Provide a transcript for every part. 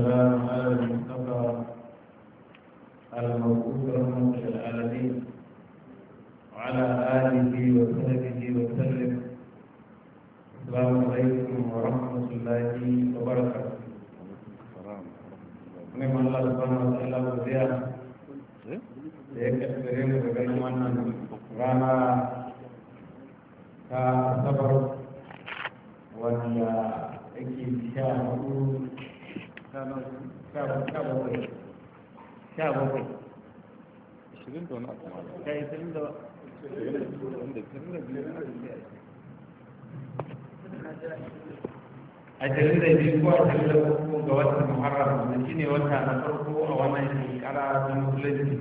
السلام ashirin da biyu ko ashirin da uku ga watan muharram da shi ne wata na farko a wannan shekara ta musulunci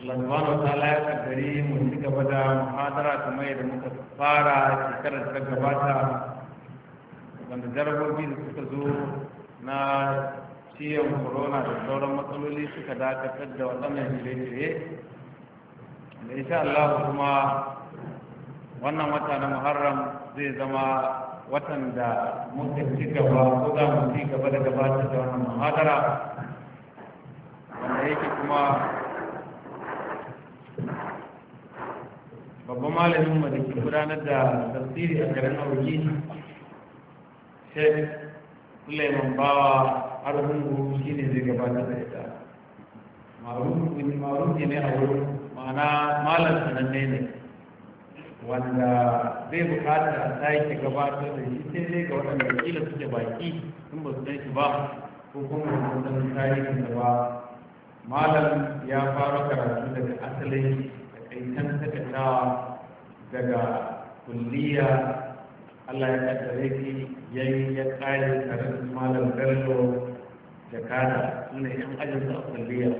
Allah subhanahu wa ta'ala gari mu ci gaba da muhadara mai da muka fara shekarar ta gabata wanda jarabobi da suka zo na ciyon corona da sauran matsaloli suka dakatar da waɗannan shirye-shirye da insha Allah kuma wannan wata na muharram zai zama watan da muka ci gaba ko za mu ci gaba da gabatar da wannan muhadara wanda yake kuma babban malamin mu da ke gudanar da tafsiri a garin auki Shek suleiman bawa arhungu shi ne zai gabatar da ita maruf ne a wurin ma'ana malam sananne ne wanda zai bukata a sake gabatar da shi sai dai ga waɗanda kila suke baki sun ba su san shi ba ko kuma ba su san tarihin da ba malam ya fara karatu daga asalin takaitan takaitawa daga kulliya Allah ya kaddare ki yayi ya kare tare malam Bello da kada sune yan ajin a kulliya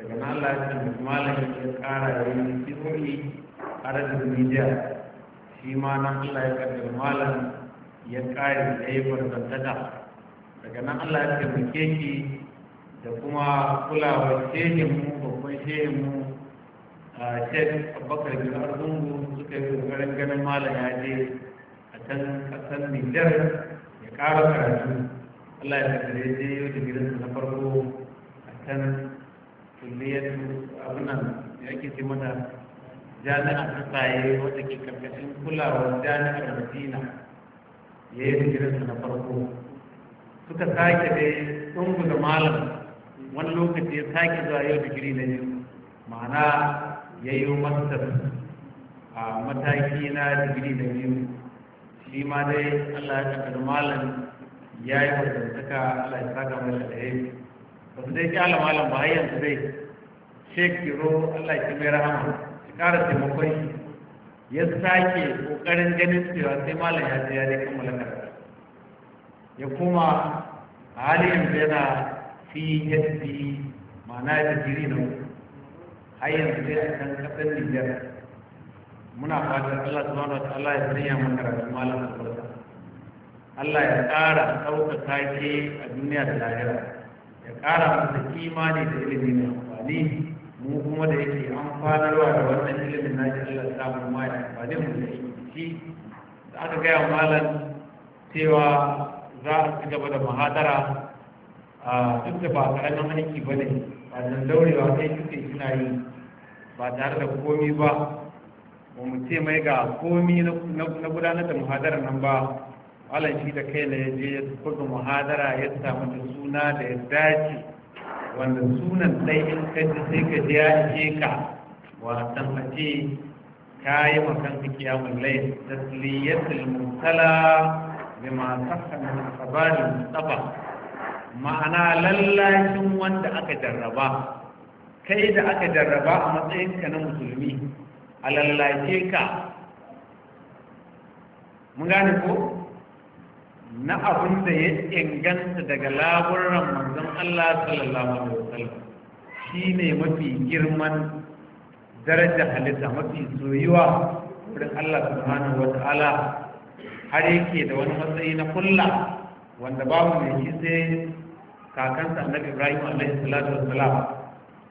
daga nan Allah ya kaddare malam ya kara yayi sirri a rajin shi ma nan allah ya karbi malam ya kare da ya farzantaka daga nan allah ya taimake ki da kuma shehin mu babban mu a shek abubakar bin arzungu suka yi ƙoƙarin ganin malam ya je a can ƙasar nijar ya ƙara karatu allah ya ya je yau da gidansa na farko a can kulliyar abunan ya ake ce mata jami'ar tsaye wadda ke karkashin kulawar jami'ar madina ya yi hijirinsa na farko suka sake dai da malam wani lokaci ya sake zuwa yau digiri na biyu ma'ana ya yi masar a mataki na digiri na biyu shi ma dai allah ya kakar malam ya yi wadantaka allah ya saka masa da yayi ba su dai kyala malam ba har yanzu dai shek kiro allah ya mai rahama ƙara taimakon shi ya sake ƙoƙarin ganin cewa sai malam ya ya dai kammala karatu ya koma hali yanzu yana phd ma'ana ya jiri na har yanzu dai a can kasar niger muna fatan allah subhanahu wata allah ya sanya mun karatu malam albarka allah ya ƙara ɗaukaka ke a duniya da lahira ya ƙara masa kimani da ilimi amfani mu kuma da yake an kwanarwa da wannan ilimin na Allah ya samu ma ya amfani mu da shi da aka gaya malam cewa za a ci gaba da mahadara a duk da ba a karamin aiki ba ne ba da daurewa kai suke suna yi ba tare da komi ba ba mu ce mai ga komi na gudanar da muhadarar nan ba malam shi da kai na ya je ya buga muhadara ya samu da suna da ya dace wanda sunan ɗai in kaji sai ka ji ya ka wasan a ce ka yi makan ka kiyamun lai tasliyatul mutala bima masu min asabarin tsaba ma'ana lallashin wanda aka jarraba kai da aka jarraba a matsayinka na musulmi a lallace ka mun gane ko na abin da ya inganta daga laburan manzon Allah sallallahu alaihi wasallam ne mafi girman daraja halitta mafi soyuwa wurin Allah subhanahu wa ta'ala har yake da wani matsayi na kulla wanda babu mai shi sai kakansa annabi Ibrahim alaihi salatu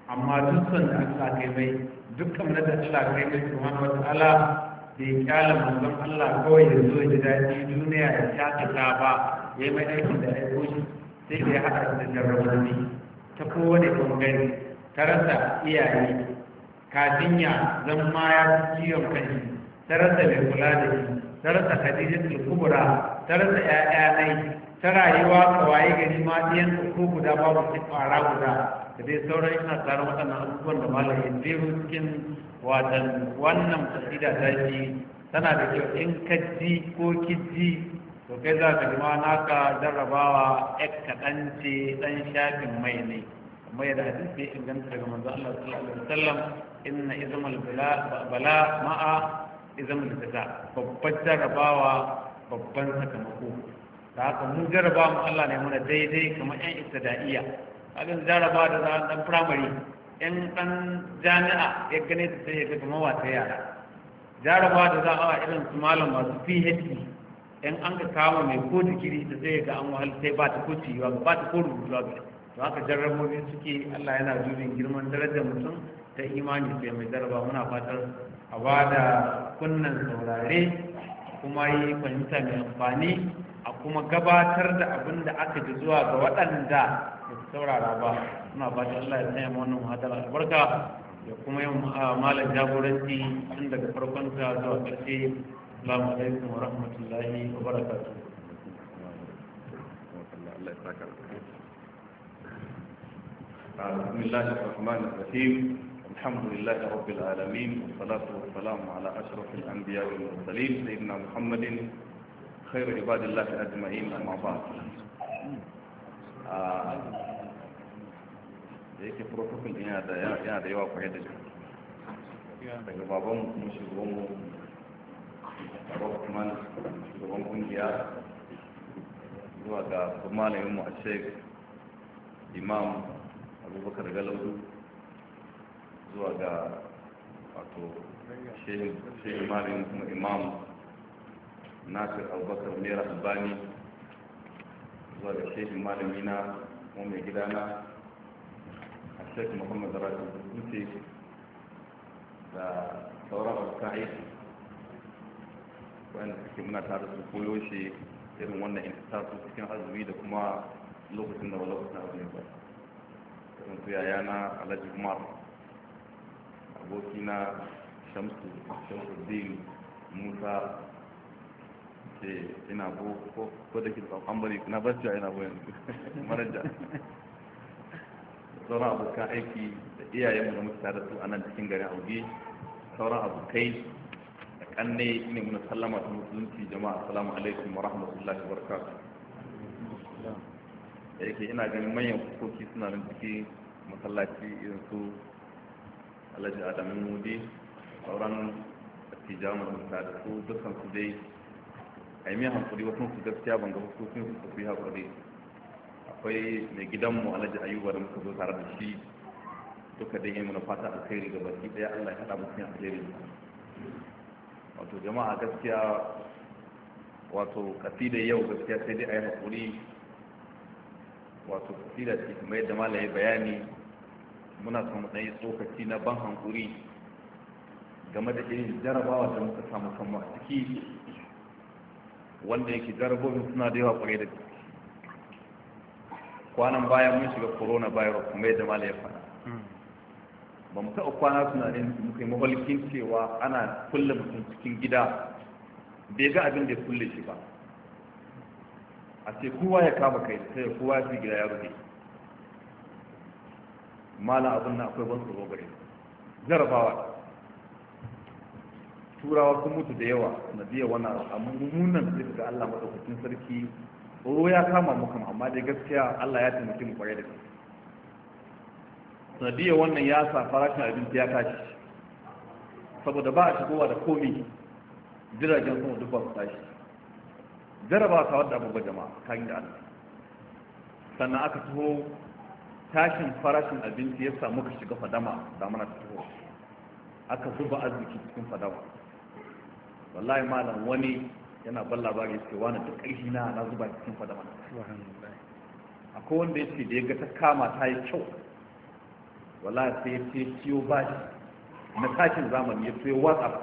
amma duk da aka kai mai dukkan da Allah kai mai subhanahu wa ta'ala da ya kyala manzon Allah kawai da zo da daji duniya da ta ba ya yi mai aikin da aiko shi sai da ya haɗa da jarrabanni ta kowane ɓangare ta rasa iyaye kafin ya zama ya fi ciwon kanshi ta rasa mai kula da shi ta rasa da kubura ta rasa ƴaƴa nai ta rayuwa kawai gari ma ɗiyan ko guda babu ci fara guda da dai sauran ina tsara waɗannan abubuwan da malam ya zero cikin watan wannan kasida ta shi tana da kyau in ka ji ko ki ji to kai za ka jima ka jarrabawa ek kaɗan ce ɗan shafin mai ne kamar yadda hadisi in inganta daga manzo Allah sallallahu alaihi wasallam inna izmal bala ma'a izmal jaza babban jarrabawa babban sakamako da haka mun jarraba mu Allah ne muna daidai kamar 'yan ibtida'iyya abin jaraba da za a firamare in dan jami'a ya gane ta sai ya fi kuma wata yara jaraba da za a irin su malam masu phd in an ka kawo mai ko jikiri da zai ga an wahal sai ba ta ko ciwa ba ta ko rubutuwa ba to haka jarrabobi suke Allah yana jurin girman darajar mutum ta imani sai mai jaraba muna fatar a ba da kunnan saurare kuma yi fahimta mai amfani a kuma gabatar da abin da aka ji zuwa ga waɗanda saurara ba muna fatan Allah ya sanya wannan muhadara albarka ya kuma yin malam jagoranci tun daga farkon ta zuwa ƙarshe Assalamu alaikum wa rahmatullahi wa barakatuh بسم الله الرحمن الرحيم الحمد لله رب العالمين والصلاة والسلام على أشرف الأنبياء والمرسلين سيدنا محمد خير عباد الله أجمعين أما بعد da yake protocol din da yana da yawa kwaye da shi daga baban mu kuma shugaban mu Rockman shugaban kungiya zuwa ga malamin mu a Sheikh Imam Abubakar Galaudu zuwa ga wato shehi Malamin kuma Imam Nasir Abubakar mera Albani zuwa ga shehi Malami na mu mai gidana sheikh muhammad rafi dutse da sauran alka'i wanda suke muna tare su koyo shi irin wannan intasu cikin azumi da kuma lokacin da ba lokacin azumi ba irin su yaya na alhaji umar abokina shamsu Shamsu shamsuddin musa ce ina bo ko da ke da an bari na barci ina bo yanzu maraja sauran abokan aiki da iyayenmu da muke tare su a nan cikin garin auge sauran abokai da kanne ne muna sallama ta musulunci jama'a assalamu alaikum wa rahmatullahi wa barakatuh da yake ina ganin manyan kusoki suna nan ciki masallaci irin su alhaji adamin mudi sauran tijaman da da su dukkan su dai a yi mai hankali wasu su gaskiya ban ga hukukin su su fi haƙuri akwai mai gidanmu alhaji ayuba da muka zo tare da shi duka dai yin fata alkhairi ga baki daya allah ya haɗa mutum alheri wato jama'a gaskiya wato kasida yau gaskiya sai dai a yi haƙuri wato kasida ce kuma yadda malaye bayani muna samu ɗaya tsokaci na ban hankuri game da irin jarabawa da muka samu kanmu a ciki wanda yake jarabobin suna da yawa ƙwarai da gaske kwanan baya mun shiga corona virus kuma yadda mala ya fara ba mu taɓa kwana tunanin muka yi cewa ana kulle mutum cikin gida bai ga abin da ya kulle shi ba a ce kowa ya kama kai sai kowa ya fi gida ya rufe mala abin na akwai ban tsoro gare jarabawa turawa sun mutu da yawa na biya wani al'amunan sai ga allah maɗaukakin sarki tsoro ya kama muka amma dai gaskiya Allah ya taimake mu kwarai da gaske sanadiyar wannan ya sa farashin abinci ya tashi saboda ba a shigowa da komi jiragen sama duk ba su tashi jaraba ta wadda abubuwa jama'a kan da Allah sannan aka taho tashin farashin abinci ya samu ka shiga fadama da mana ta taho aka zuba arziki cikin fadama wallahi malam wani yana ban labari suke wani duk ƙarfi na na zuba cikin mana akwai wanda ya ce da ya ga ta kama ta yi kyau wala sai ya ce ciyo bashi na sakin zamani ya tuye whatsapp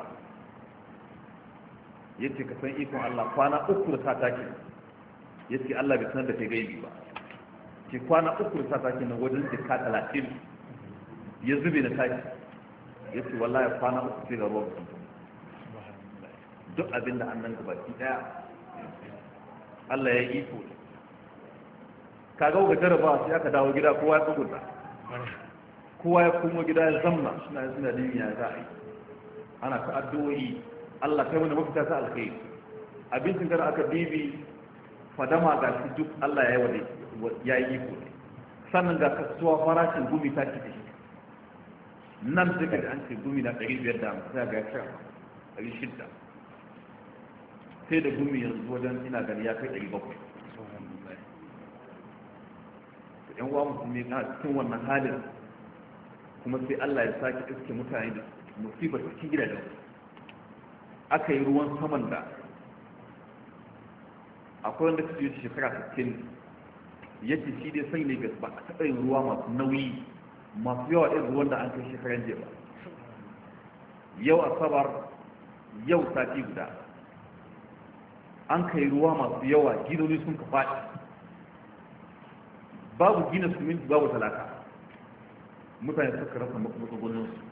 ya ce ka san ikon allah kwana uku da ta take ya ce allah bai sanar da ta gaibi ba ke kwana uku da ta take na wajen ka talatin ya zube na tashi ya ce wallahi kwana uku sai ga ruwan duk abin da annan baki daya Allah ya iko ne Ka ga jaraba sai aka dawo gida kowa ya tsugunta kowa ya kuma gida ya zamna suna yin suna duniya za a yi ana ka addu'o'i Allah kai wani mafita ta alkhairi abincin kada aka bibi fadama ga shi duk Allah ya yi wani ya yi iko ne sannan ga kasuwa farashin gumi ta kiɗi nan sai ka da an ce gumi na ɗari biyar da hamsin ga ya sha ɗari shidda sai da gumi yanzu wajen ina gani ya kai ɗari bakwai yan uwa musulmi na cikin wannan halin kuma sai Allah ya sake iske mutane da musibar cikin gidajen aka yi ruwan saman da akwai wanda su yi shekara 60 yadda shi dai sai ga ba a taɓa yin ruwa masu nauyi masu yawa irin ruwan da an kai shekaran jiya ba yau asabar yau sati guda an kai ruwa masu yawa ginoni sun ka faɗi babu gina minti babu talaka mutane suka rasa matsugunin su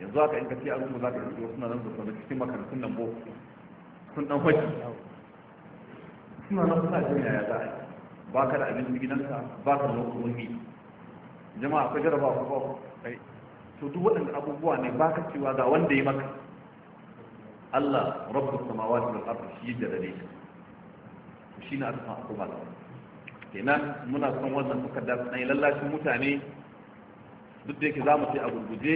yanzu haka in ka ce an za ka yi suna nan da cikin makarantun nan bo sun dan hwaji suna nan suna jin yaya za a yi ba ka da abinci gidanka ba ka da matsugunni jama'a ka jarraba ku ba to duk waɗanda abubuwa ne ba ka cewa ga wanda ya maka Allah Rabu samawa wal ardi shi da dare shi na aka san kuma kenan muna son wannan da na lallashin mutane duk da yake zamu sai a gurguje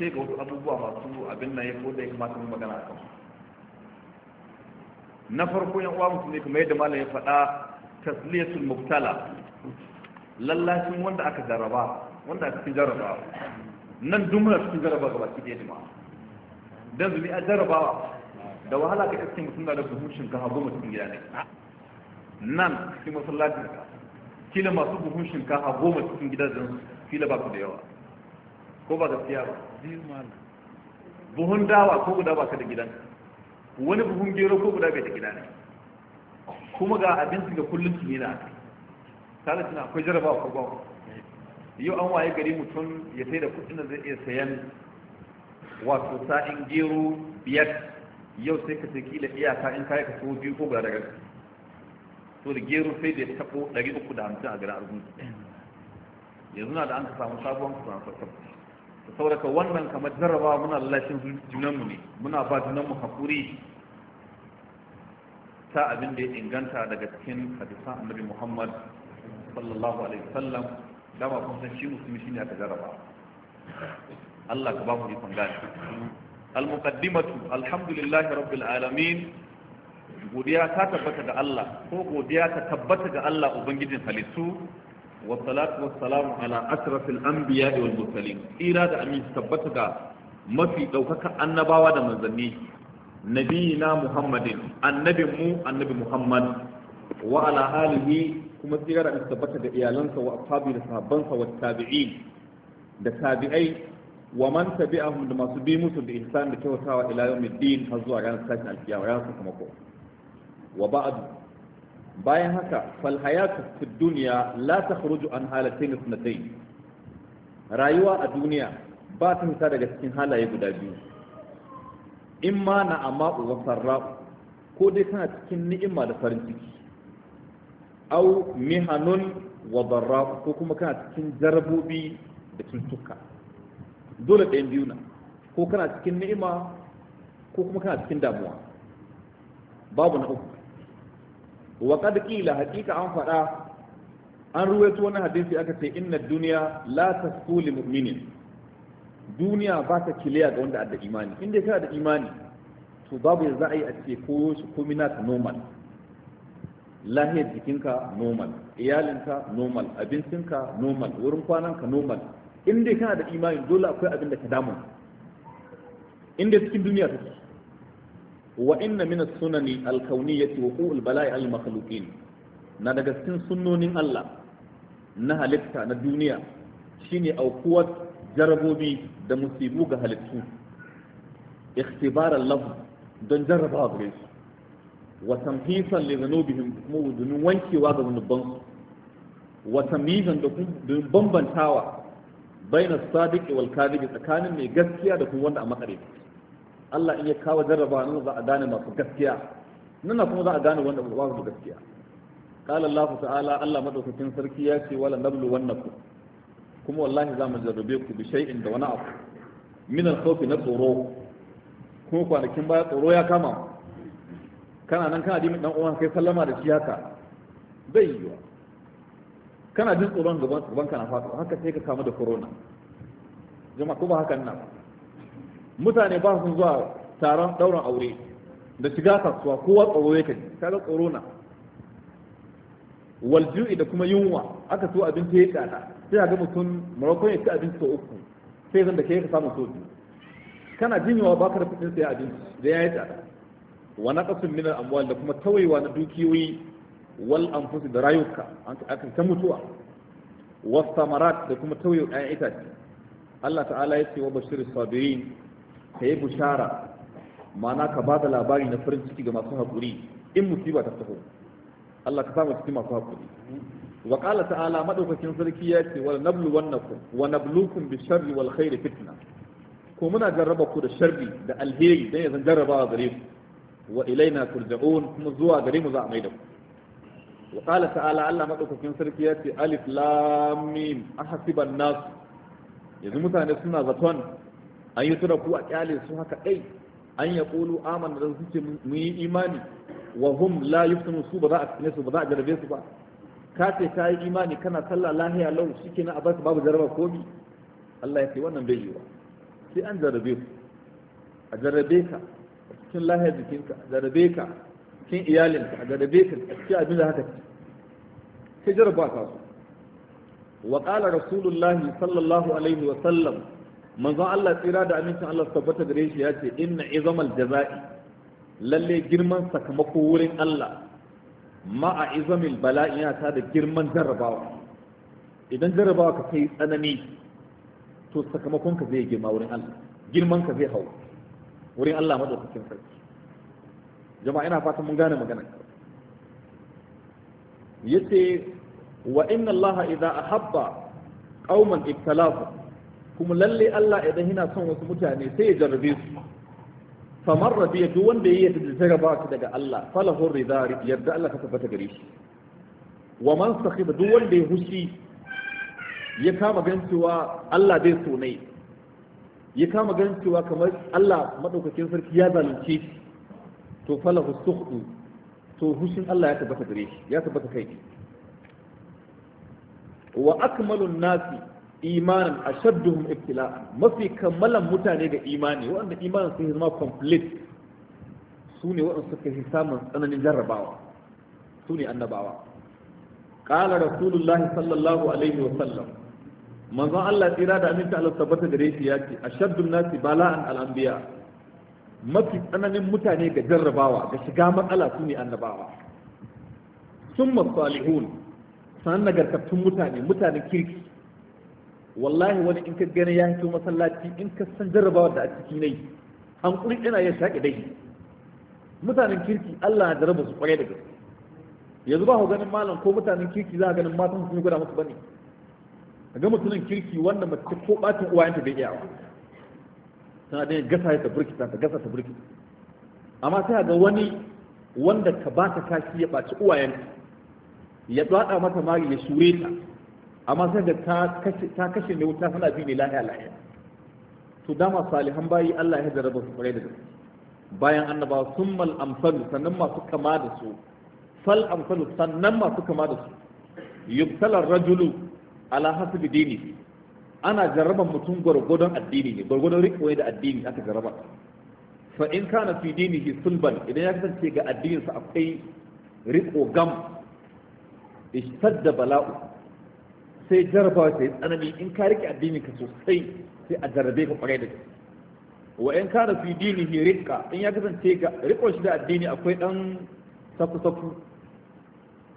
sai ga wasu abubuwa masu abin nan ya ko da ya kamata mu magana a akan na farko yan uwa musulmi kuma yadda malam ya faɗa tasliyatul mubtala lallashin wanda aka jaraba wanda aka cikin jaraba nan duk muna cikin jaraba gaba ki da jama'a dan zumi a jarabawa da wahala ka kasance mutum da buhun ka goma cikin gida ne nan cikin masallacin ka kila masu buhun shinkafa goma cikin gida zan kila ba ku da yawa ko ba gaskiya ba buhun dawa ko guda ba ka da gidan wani buhun gero ko guda bai da gida ne kuma ga abinci ga kullum su yana tare tana akwai jarabawa ko ba yau an waye gari mutum ya sai da kuɗin da zai iya sayan wato sa'in gero biyar yau sai ka sai kila iyaka in kayi ka so biyu ko guda daga to da gero sai da ya taɓo ɗari uku da hamsin a gara argungu yanzu na da an ka samu sabuwan ku samu sassabci sauraka wannan kamar jarraba muna lalashin junanmu ne muna ba junanmu hakuri ta abin da ya inganta daga cikin hadisan annabi muhammad sallallahu alaihi wasallam dama kun san shi musulmi shine aka jarraba Allah ka ba mu ikon gani al-muqaddimatu alhamdulillahi rabbil alamin godiya ta tabbata ga Allah ko godiya ta tabbata ga Allah ubangijin halittu wa salatu wa salamu ala asrafil anbiya wal mursalin ira da amin tabbata ga mafi daukaka annabawa da manzanni nabiyina muhammadin annabin mu annabi muhammad wa ala alihi kuma tsira da tabbata ga iyalansa wa ashabi da sahabbansa wa tabi'in da tabi'ai wa man tabi'ahum da masu bi musu da ihsan da kyautawa ila yawmiddin har zuwa ranar tashin alkiyama ranar sakamako wa ba'd bayan haka fal hayatu fid dunya la takhruju an halatayn sunatayn rayuwa a duniya ba ta fita daga cikin halaye guda biyu imma na ama'u wa sarra'u ko dai kana cikin ni'ima da farin ciki au mihanun wa barra'u ko kuma kana cikin jarabobi da cututtuka dole ɗayan biyu na ko kana cikin ni'ima ko kuma kana cikin damuwa babu na uku wa qad qila haqiqa an faɗa, an ruwaito wani hadisi aka ce inna duniya la tasfu lil mu'minin duniya ba ta kiliya ga wanda adda imani inda kana da imani to babu yadda za a yi a ce koyo shi komai naka normal lahiyar jikinka normal iyalinka normal abincinka normal wurin kwananka normal in dai kana da imani dole akwai abin da ka damu in dai cikin duniya take wa inna min as-sunani al-kawniyyati wuqu' al-bala'i al-makhluqin na daga cikin sunnonin Allah na halitta na duniya shine aukuwar jarabobi da musibu ga halittu ikhtibaran lahu don jarrabawa gare su wa tamhisan li dhunubihim kuma wankewa ga zunubansu wa tamyizan da bambantawa baina sadiq wal kadhib tsakanin mai gaskiya da kuma wanda a makare Allah in ya kawo jarraba nan za a gane masu gaskiya nan kuma za a gane wanda ba su gaskiya qala Allah ta'ala Allah madaukakin sarki ya ce wala nablu wannaku, kuma wallahi za mu jarrabe ku bi shay'in da wani abu min al khawfi na tsoro kuma kwanakin baya tsoro ya kama kana nan kana dimin dan uwan kai sallama da shi haka bai yiwa kana jin tsoron gaban kana faɗo haka sai ka kamu da corona jama'a ko ba hakan nan mutane ba su zuwa taron ɗaurin aure da shiga kasuwa kowa tsoro yake ga corona wal ju'i da kuma yunwa aka so abinci ya tsada sai ga mutum maimakon ya ci abinci sau uku sai zan da ke ka samu so biyu kana jinyawa baka da kuɗin sai abinci da ya yi tsada wa naqasun min al-amwal da kuma tawayewa na dukiyoyi wal anfus da rayuka akan ta mutuwa was samarat da kuma tauye ɗayan itace Allah ta'ala ya ce wa bashir sabirin ka yi bushara ma'ana ka ba da labari na farin ciki ga masu haƙuri in musiba ta taho Allah ka samu cikin masu haƙuri wa qala ta'ala maɗaukakin sarki ya ce wal nabluwannakum wa nabluukum bi sharri wal khairi fitna ko muna jarraba ku da sharri da alheri dan yanzu jarrabawa gare ku wa ilaina turja'un kuma zuwa gare mu za a maida ku wa qala ta'ala Allah madaukakin sarki ya ce alif lam mim ahasiban nas yanzu mutane suna zaton an yi tura ku a kyale su haka dai an ya qulu amanna da su ce mu yi imani wa hum la yuftanu su ba za a tsine su ba za a jarabe su ba ka ce ka yi imani kana sallah lahiya lau shike na abbas babu jaraba ko bi? Allah ya ce wannan bai yi ba sai an jarabe ku a jarabe ka cikin lahiyar jikinka a jarabe ka cikin iyalinka a gadabe ka a cikin abin da haka sai jarraba ka su wa qala rasulullahi sallallahu alaihi wa sallam manzon Allah tsira da amincin Allah su tabbata gare shi ya ce inna izamal jaza'i lalle girman sakamako wurin Allah ma'a izamil bala'i yana ta da girman jarrabawa idan jarrabawa ka kai tsanani to sakamakonka zai girma wurin Allah girman ka zai hau wurin Allah madaukakin sarki jama'a ina fatan mun gane magana yace wa inna Allah idza ahabba qauman ibtalahu kuma lalle Allah idan yana son wasu mutane sai ya jarrabe su famar rabiya duk wanda yayi da jarraba shi daga Allah falahu ridha yadda Allah ka tabbata gare shi wa man sakhiba duk wanda ya hushi ya kama gan cewa Allah bai so ne ya kama gan cewa kamar Allah madaukakin sarki ya zalunce shi to falahu sukhdu to hushin Allah ya tabbata gare shi ya tabbata kai wa akmalun nasi imanan ashadduhum ibtila'an mafi kammalan mutane ga imani waɗanda imanin sun zama complete su ne waɗanda suka yi samun tsananin jarrabawa su ne annabawa qala rasulullahi sallallahu alaihi wa sallam manzon Allah tsira da aminta Allah tabbata gare shi ya ce ashaddun nasi bala'an al-anbiya' mafi tsananin mutane ga jarrabawa ga shiga matsala su ne annabawa sun salihun sanan nagartattun mutane mutanen kirki wallahi wani in ka gani ya hito masallaci in ka san jarrabawa da a ciki nai hankuri yana ya shaƙi dai mutanen kirki Allah ya jarraba su kwarai da gaske yanzu ba ku ganin malam ko mutanen kirki za a ganin matan sun gwada musu bane ga mutumin kirki wanda mace ko ɓatin uwayenta bai iyawa tana da gasa ta burkita ta gasa ta burkita amma sai ga wani wanda ka ba ta kashi ya ɓaci uwayen ya dwada mata mari ya shure ta amma sai da ta kashe ne wuta tana bi ne lahiya lahiya to dama salihan bayi Allah ya jarraba su kwarai da gaske bayan annaba sun mal amsalu sannan masu kama da su fal amsalu sannan masu kama da su yubtala rajulu ala hasbi dini ana jarraban mutum gwargwadon addini ne gwargwadon riƙoyi da addini aka jarraba fa in kana fi dinihi sulban idan ya kasance ga addininsa akwai riko gam da bala'u sai jarraba ta yi tsanani in ka riƙe addini ka sosai sai a jarrabe ka kwarai da shi wa in kana fi dinihi riƙa in ya kasance ga riƙon shi da addini akwai ɗan safu-safu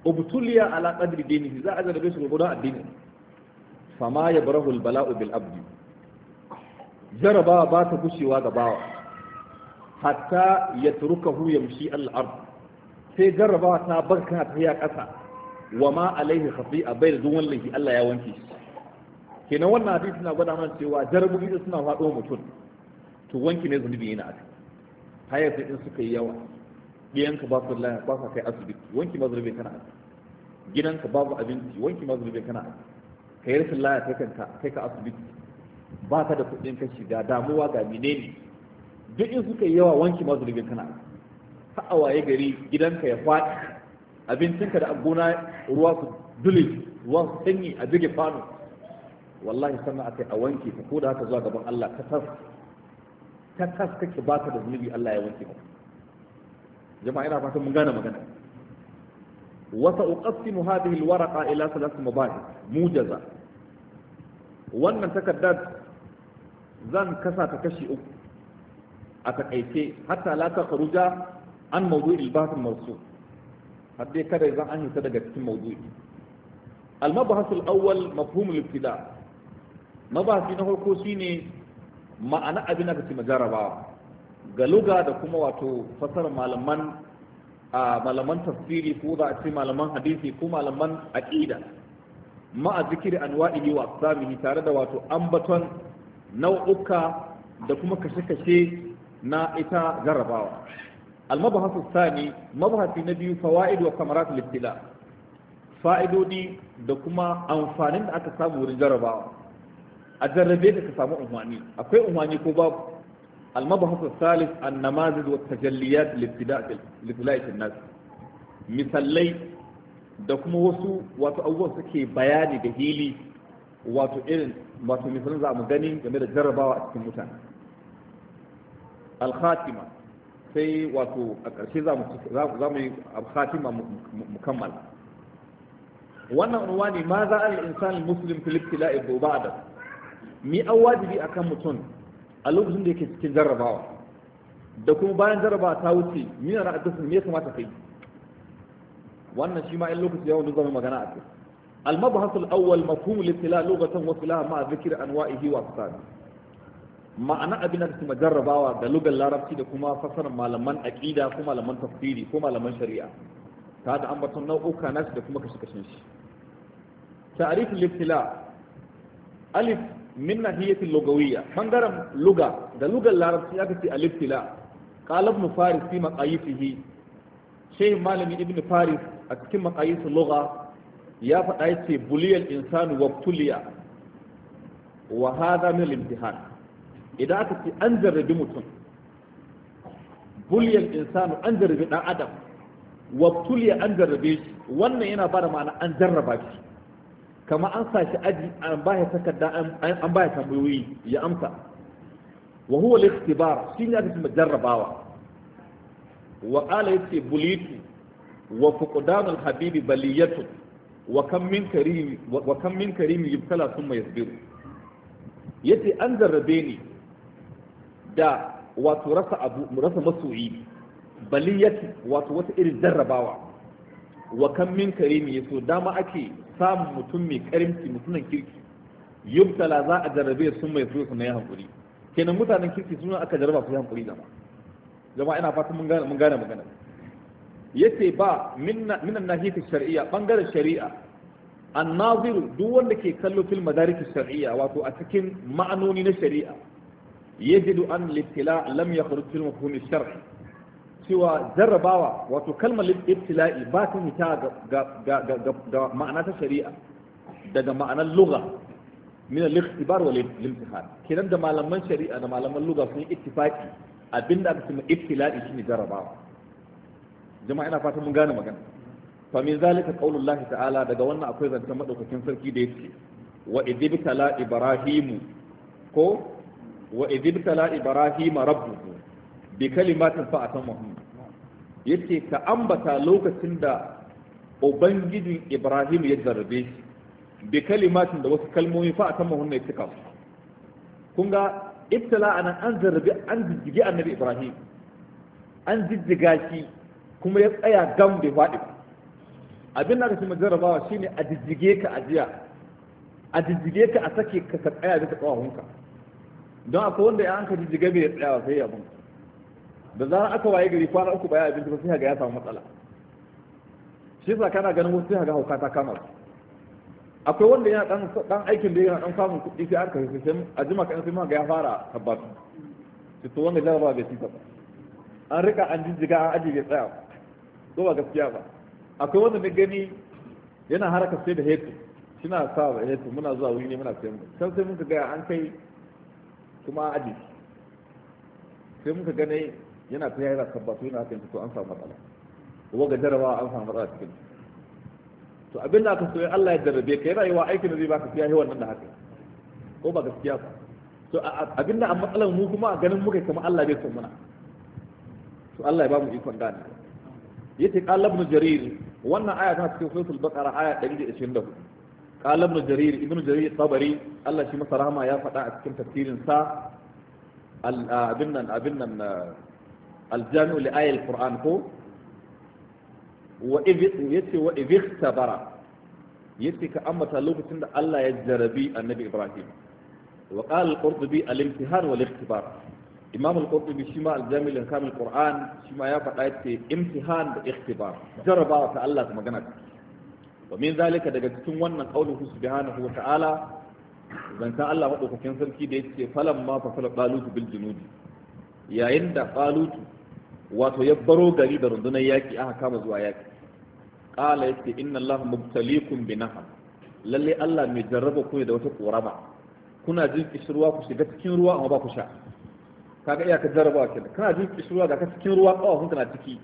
ubtuliya ala qadri dini za a jarrabe shi gwargwadon addini. fama ya barahul bala'u bil abdi jaraba ba ta gushewa ga bawa hatta ya turukahu yamshi al ard sai jaraba ta barka ta ya kasa wa ma alaihi khati'a bai da duk wallahi Allah ya wanke shi kenan wannan hadisi na gwada mana cewa jarabobi da suna faɗo mutum to wanki ne zunubi yana aka haya sai in suka yi yawa ɗiyanka ba su ba sa kai asibiti wanki ma zunubi kana aka gidanka babu abinci wanki ma zunubi kana aka ka yi rashin laya kai ka asibiti ba ka da kuɗin kashi ga damuwa ga menene duk in suka yi yawa wanki ma zunubin kana ka a waye gari gidanka ya faɗi abincinka da gona ruwa su dule ruwa su sanyi a jirgin fano wallahi sannan a kai a wanki ka ko da haka zuwa gaban Allah ka tas ta tas kake baka da zunubi Allah ya wanke ka jama'a ina fatan mun gane magana wa sa'uqassimu hadhihi alwaraqa ila thalath mabahis mujaza wannan takardar zan kasa ta kashi uku a takaice hatta laka kharuja an mawdu'il bahth mawsu har dai kada zan an hita daga cikin mawdu'i al-mabhas al-awwal mafhum al-ibtida na farko shine ma'ana abin da kace majarabawa ga luga da kuma wato fasar malaman malaman tafsiri ko da a ce malaman hadisi ko malaman aqida ma'a zikiri an anwa'ihi wa aqsamihi tare da wato ambaton nau'uka da kuma kashe-kashe na ita jarrabawa almabahasu sani mabahasi na biyu fawaid wa kamarat littila fa'idodi da kuma amfanin da aka samu wurin jarrabawa a jarrabe da ka samu umarni akwai umarni ko babu almabahasu salis an namazid wa tajalliyat littila nas misallai da kuma wasu wato abubuwan suke bayani da hili wato irin wato misalin za mu gani game da jarrabawa a cikin mutane al-khatima sai wato a ƙarshe za mu yi khatima mu wannan wannan ne ma za a yi insani musulun filifti la'i ba'da mi an wajibi kan mutum a lokacin da yake cikin jarrabawa da kuma bayan jarrabawa ta wuce mina na addasin me ya kamata ka yi wannan shi ma in lokaci yawon zama magana a cikin kai المبحث الأول مفهوم الابتلاء لغة وصلها مع ذكر wa وأقسامه ma'ana abin da kuma jarrabawa da lugar larabci da kuma fasar malaman aqida ko malaman tafsiri ko malaman shari'a ta da ambaton nau'uka nasu da kuma kashe-kashen shi ta'rif al alif min nahiyati lugawiyya bangaren luga da lugar larabci aka ce al-ibtila qala ibn faris fi maqayisihi shehin malami ibn faris a cikin makayisu lugha ya faɗa ya ce buliyar insanu wa tuliya wa hada min imtihan idan aka ce an jarrabi mutum buliyar insanu an jarrabi ɗan adam wa tuliya an jarrabe shi wannan yana ba da ma'ana an jarraba shi kama an sa shi aji an ba ya takarda an ba ya tambayoyi ya amsa wa huwa al-ikhtibar shi ne aka ce jarrabawa wa qala yace bulitu wa fuqdan al-habibi baliyatun wa kam min karim wa kam min karim yubtala thumma yasbiru yace an jarrabe ni da wato rasa abu rasa masoyi baliyati wato wata irin jarrabawa wa kan min karimi yaso dama ake samun mutum mai karimci mutumin kirki yubtala za a jarrabe sun mai so su na yi hankuri kenan mutanen kirki suna aka jarraba su yi hankuri zama jama'a ina fata mun gane mun gane magana yace ba minan nahiyati shar'iyya bangaren shari'a annazir duk wanda ke kallo fil madarik shar'iyya wato a cikin ma'anoni na shari'a yajidu an littila lam yakhruj fil mafhum shar'i cewa jarrabawa wato kalmar ibtila'i ba ta fita ga ma'ana ta shari'a daga ma'anar lugha min al-ikhtibar wal imtihan kiran da malaman shari'a da malaman lugha sun ittifaqi abinda aka ce ibtila'i shine jarrabawa jama'a ina fatan mun gane magana fa min zalika qaulullahi ta'ala daga wannan akwai zancen madaukakin sarki da yake wa idibtala ibrahim ko wa idibtala ibrahim rabbuhu bi kalimatin fa atamma yace ka ambata lokacin da ubangijin ibrahim ya zarbe shi bi kalimatin da wasu kalmomi fa atamma hunna ya cika su kun ga ibtala anan an zarbi an jijjige annabi ibrahim an jijjiga shi kuma ya tsaya gam bai faɗi ba abin da aka ce shi shine a jijjige ka a jiya a jijjige ka a sake ka ka tsaya bisa ƙawahunka don akwai wanda ya hanka jijjige jijjige bai tsaya sai ya da zarar aka waye gari kwana uku baya abinci ba sai ga ya samu matsala shi yasa kana ganin wasu sai ga hauka ta kama akwai wanda yana dan dan aikin da yana dan samun kuɗi sai aka sai sai a jima kan sai ma ga ya fara tabbatu shi to wanda jarabawa bai ci ba an rika an jijjiga an ajiye bai tsaya ko ba gaskiya ba akwai wanda na gani yana haraka sai da hetu suna sa da hetu muna zuwa wuri ne muna sayan can sai muka gaya an kai kuma aji sai muka gane yana ta sabba sabbatu yana hakan to an samu matsala kuma ga jarabawa an samu matsala cikin to abinda aka so Allah ya jarrabe ka yana yi wa aikin da zai baka fiya wannan da haka ko ba gaskiya ba to abinda a matsalar mu kuma ganin muka kama Allah bai son muna to Allah ya ba mu ikon gane يتي قال ابن جرير وانا آية في سورة البقرة آية تجد اشنده قال ابن جرير ابن جرير الطبري الله شي مثلا ما يا فتاة كم تفسير سا ابن آه، ابن آه، الجامع لآية القرآن هو وإذ يتي وإذ اختبر يتي كان كأمة لغة الله يجربي النبي إبراهيم وقال القرطبي الامتحان والاختبار imam al-qurtubi shi ma al-jamil al-kamil qur'an shi ma ya faɗa yace imtihan da ikhtibar jarabawa ta Allah ta magana wa min zalika daga cikin wannan qauluhu subhanahu wa ta'ala zancan Allah madaukakin sarki da yace falam ma fa fala qalutu bil junudi yayin da qalutu wato ya baro gari da rundunar yaki aka kama zuwa yaki qala yace inna Allah mubtaliikum bi nahar lalle Allah mai jarraba ku da wata ƙorama. kuna jin kishirwa ku shiga cikin ruwa amma ba ku sha kaga iyaka jarabawa kenan kana jin kishirwa ga ka cikin ruwa kawafin kana ciki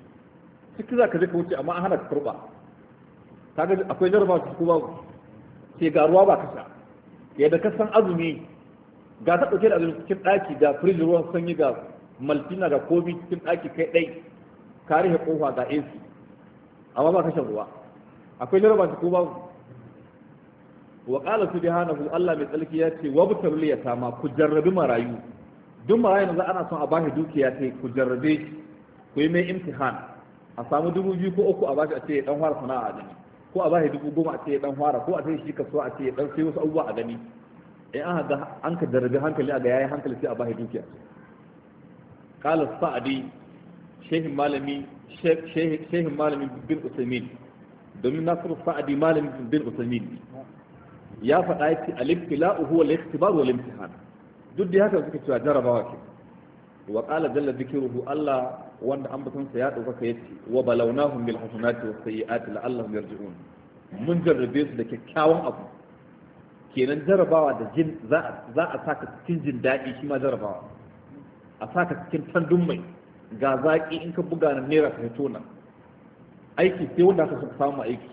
ciki za ka je ka wuce amma an hana ka kurba kaga akwai jarabawa ciki ba. ke ga ruwa ba ka sha yadda ka san azumi ga ta ɗauke da azumi cikin ɗaki ga firij ruwan sanyi ga maltina ga komi cikin ɗaki kai ɗai ka rufe ƙofa ga ac amma ba ka shan ruwa akwai jarabawa ciki ba wa qala subhanahu Allah mai tsalki ya ce wa butabli ya ku jarrabi marayu duk mara yanzu ana son a bashi dukiya sai ku jarrabe ku yi mai imtihan a samu dubu biyu ko uku a bashi a ce ya dan fara sana'a a gani ko a bashi dubu goma a ce ya dan fara ko a ce shi kasuwa a ce ya dan sai wasu abubuwa a gani in an ga an ka jarrabe hankali a ga yayi hankali sai a bashi dukiya kala sa'adi shehin malami shehin malami bin usaimin domin nasiru sa'adi malami bin usaimin ya faɗa ya ce tila'u huwa al-ikhtibar wal imtihan duk da haka suka cewa jarabawa ke wa qala jalla dhikruhu Allah wanda ambaton sa ya dauka yace wa balawnahum bil hasanati was sayyiati la'allahum yarji'un mun jarrabe su da kyakkyawan abu kenan jarabawa da jin za a saka cikin jin daɗi shi ma jarabawa a saka cikin tandun mai ga zaƙi in ka buga na naira ka fito nan aiki sai wanda aka samu aiki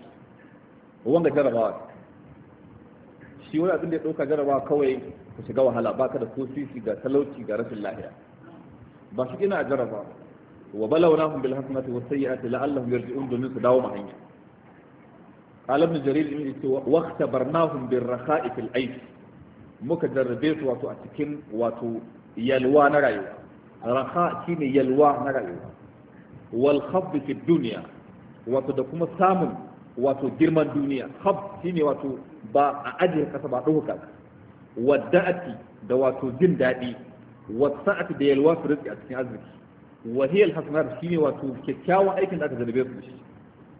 wanga jarabawa shi wani abin da ya ɗauka jarabawa kawai ka shiga wahala Ba ka da kosisi ga talauci ga rashin lahiya ba shi ina jaraba wa balawnahum bil hasanati was sayyi'ati la'allahum yarji'un domin su dawo ma hanya. Alam ibn jarir in yace wakta ikhtabarnahum bir rakha'i fil ayf muka jarrabe su wato a cikin wato yalwa na rayuwa Raha shi ne yalwa na rayuwa wal khafd fi duniya, wato da kuma samun wato girman duniya shi ne wato ba a ajiye kasa ba ɗaukaka wadda'ati da wato jin daɗi wasa'ati da yalwa su rizki a cikin arziki wa hiya shi ne wato kyakkyawan aikin da aka zarbe su shi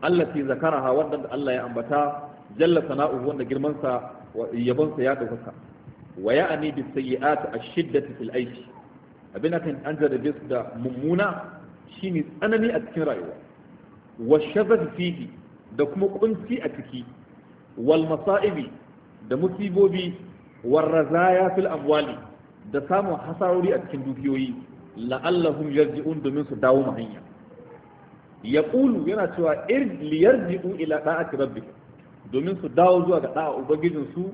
Allah fi zakaraha wanda Allah ya ambata jalla sana'u wanda girman sa yabon sa ya ɗaukaka wa ya'ani bis sayyi'ati ash-shiddati fil aishi abin akan an zarbe su da mummuna shine tsanani a cikin rayuwa wa shadhaf fihi da kuma kunci a ciki wal ibi da musibobi war razaya fil da samun hasarori a cikin dukiyoyi la'allahum yarji'un domin su dawo ma hanya yaqulu yana cewa liyarji'u ila da'ati rabbik domin su dawo zuwa ga da'a ubangijin su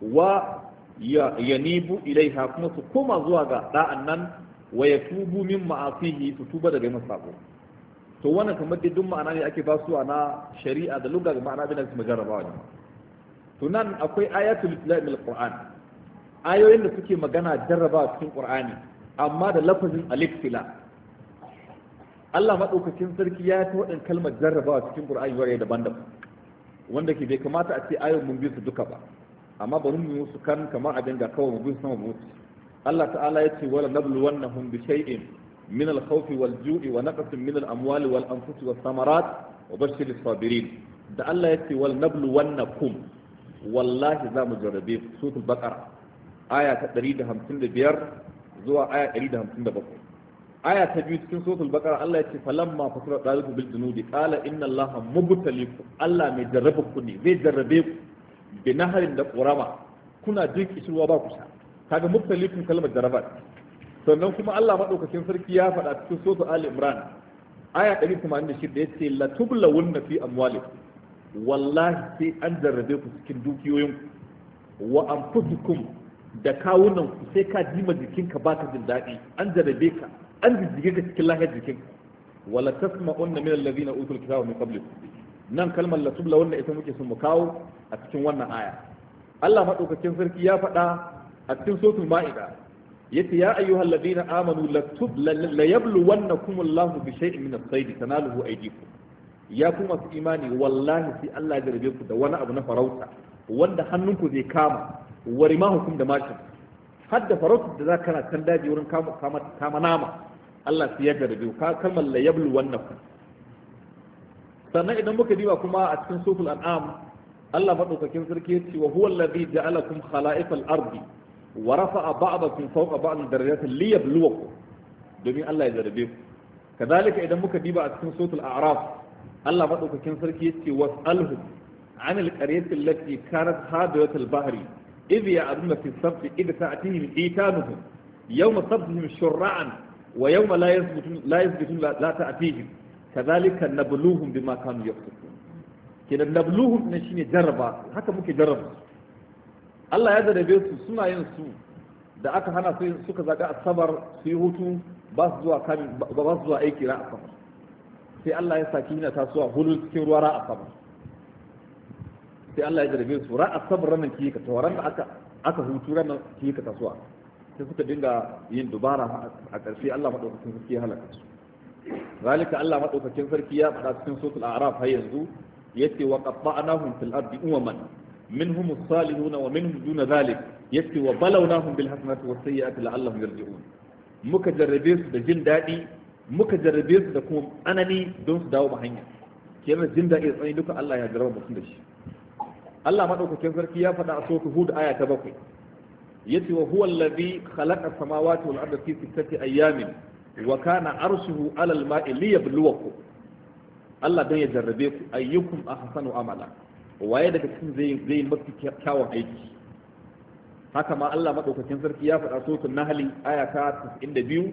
wa yanibu ilaiha kuma su koma zuwa ga da'an nan wa yatubu min ma'asihi su tuba daga masabo to wannan kamar dai duk ma'ana ne ake ba su na shari'a da lugar ma'ana bin su jarrabawa ne to nan akwai ayatul islam alquran ayoyin da suke magana jarrabawa cikin qur'ani amma da lafazin alifila Allah madaukakin sarki ya ta wadan kalmar jarrabawa cikin qur'ani wurare daban-daban wanda ke bai kamata a ce ayoyin mun bi su duka ba amma bari mu su kan kamar a da kawai mu bi su sama Allah ta'ala ya ce wala nabluwannahum bi shay'in من الخوف والجوع ونقص من الأموال والأنفس والثمرات وبشر الصابرين ده الله يتي والنبلونكم والله ذا مجربين سورة البقرة آية تدريد همسند بير زوا آية تدريد همسند بقر آية تبيوت كن سورة البقرة الله يتي فلما فصل ذلك بالجنود قال إن الله مبتليكم الله مجربكم زي جربيكم بنهر دقرما كنا جيك إشروا باكوشا kaga mubtalifin kalmar jarabat sannan kuma Allah maɗaukakin sarki ya faɗa cikin sosu Ali Imran aya 186 da yace la wunna fi amwalikum wallahi sai an jarrabe ku cikin dukiyoyinku wa anfusikum da kawunan ku sai ka jima jikinka baka jin daɗi an jarrabe ka an jijjige ka cikin lahiyar jikinka wala tasma'unna min alladhina utul kitaba min qablikum nan kalmar la tublawunna ita muke son mu kawo a cikin wannan aya Allah madaukakin sarki ya faɗa a cikin suratul ma'ida yace ya ayyuhal ladina amanu latub la yabluwannakum Allah bi shay'in min as-sayd tanaluhu aydikum ya kuma su imani wallahi sai Allah ya jarabe ku da wani abu na farauta wanda hannunku zai kama wari ma hukum da mashin Hadda da farautar da za kana kan daji wurin kama kama kama nama Allah sai ya jarabe ka kalmar la yabluwannakum sannan idan muka diba kuma a cikin suful an'am Allah madaukakin sarki ya ce wa huwa alladhi ja'alakum khala'ifal ardi warafa a ba'ada kun fauka ba'ada darajatin liyab luwaku domin Allah ya zarbe ku kadalika idan muka biba a cikin sotul a'raf Allah madaukakin sarki yace was'alhu an alqaryati allati kanat hadiratul bahri idh ya'dun fi sabt idh ta'tihim itanuhum yawma sabtihim shurra'an wa yawma la yasbutu la yasbutu la ta'tihim kadalika nabluhum bima kanu yaqtun kidan nabluhum ne shine haka muke jarraba Allah ya zarabe su suna yin su da aka hana su suka zaga asabar su yi hutu ba su zuwa kamin ba su zuwa aiki ra asabar sai Allah ya saki yana tasowa hulu cikin ruwa ra asabar sai Allah ya zarabe su ra asabar ranan ki ka tawaran da aka aka hutu ranan ki ka tasowa sai suka dinga yin dubara a ƙarshe Allah madaukakin sarki ya halaka su zalika Allah madaukakin sarki ya faɗa cikin suratul a'raf har yanzu yace wa qatta'nahum fil ardi umaman minhum as-salihun wa minhum duna zalik yace wa balawnahum bil hasanati was sayyi'ati la'allahum yarji'un muka jarrabe su da jin dadi muka jarrabe su da kuma anani don su dawo ba hanya kenan jin daɗi da tsani duka Allah ya jarraba mutum da shi Allah madaukakin sarki ya faɗa a sura Hud aya ta bakwai yace wa huwa allazi khalaqa samawati wal arda fi sittati ayamin wa kana arshuhu ala al-ma'i liyabluwakum Allah dan ya jarrabe ku ayyukum ahsanu amala waye daga cikin zai zai mafi kyawun aiki haka ma Allah madaukakin sarki ya faɗa suratul nahl aya ta 92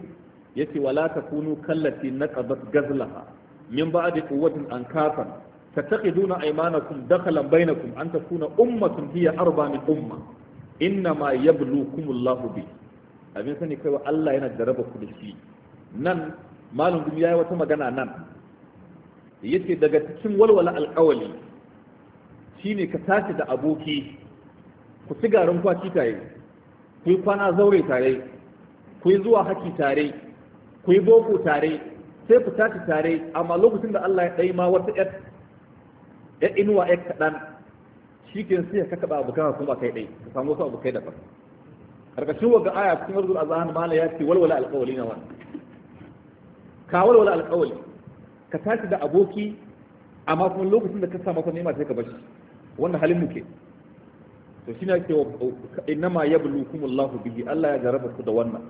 yace wala takunu kallati naqadat gazlaha min ba'di quwwatin ankasan tattaqiduna aymanakum dakhalan bainakum an takuna ummatun hiya arba min umma innama yablukumullahu bi abin sani kai wa Allah yana jaraba ku da shi nan malam ya yayi wata magana nan yace daga cikin walwala alqawli shine ka tashi da aboki ku ci garin kwaci tare ku yi kwana zaure tare ku yi zuwa haki tare ku yi boko tare sai ku tashi tare amma lokacin da Allah ya ɗai ma wata ƴar ya inuwa ƴar kaɗan shi ke sai ka kaɓa abokan kuma kai ɗai ka samu wasu abokai daban karkashin wa ga aya cikin arzul azhan mala ya ce walwala alƙawali na wani ka walwala alƙawali ka tashi da aboki amma kuma lokacin da ka samu wata nema sai ka shi wannan halin muke to shi ne ake innama ya bulukumullahu bihi Allah ya jaraba ku da wannan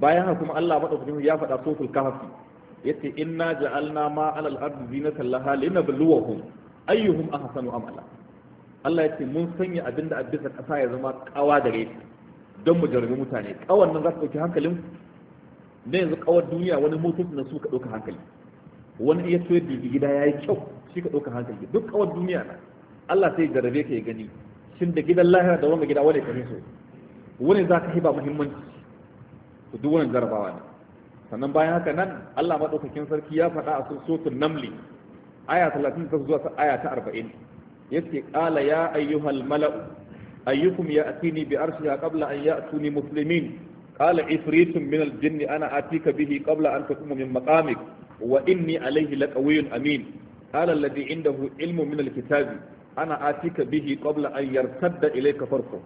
bayan haka kuma Allah madaukakin ya faɗa sofil kahfi yace inna ja'alna ma 'alal ardi zinatan laha linabluwahum ayyuhum ahsanu amala Allah yace mun sanya abinda a bisa kasa ya zama kawa gare shi don mu jarumi mutane kawan nan za su dauki hankalin Na yanzu kawar duniya wani mutum na su ka dauka hankali wani iya so ya gida ya yi kyau shi ka ɗaukar hankali duk kawar duniya na Allah sai garabe ka ya gani shin da gidan lahira da wanda gida wani ka so wani za ka hiba muhimmanci to duk wani jarabawa ne sannan bayan haka nan Allah madaukakin sarki ya faɗa a suratul namli aya talatin ta zuwa aya ta arba'in. Ya ce ƙala ya ayyuhal mala'u ayyukum ya ya'tini bi arshiha qabla an ya'tuni muslimin qala ifritun min al-jinn ana atika bihi qabla an takuma min maqamik wa inni alayhi laqawiyyun amin qala alladhi indahu ilmu min alkitabi ana atika bihi qabla an yartadda ilayka farqu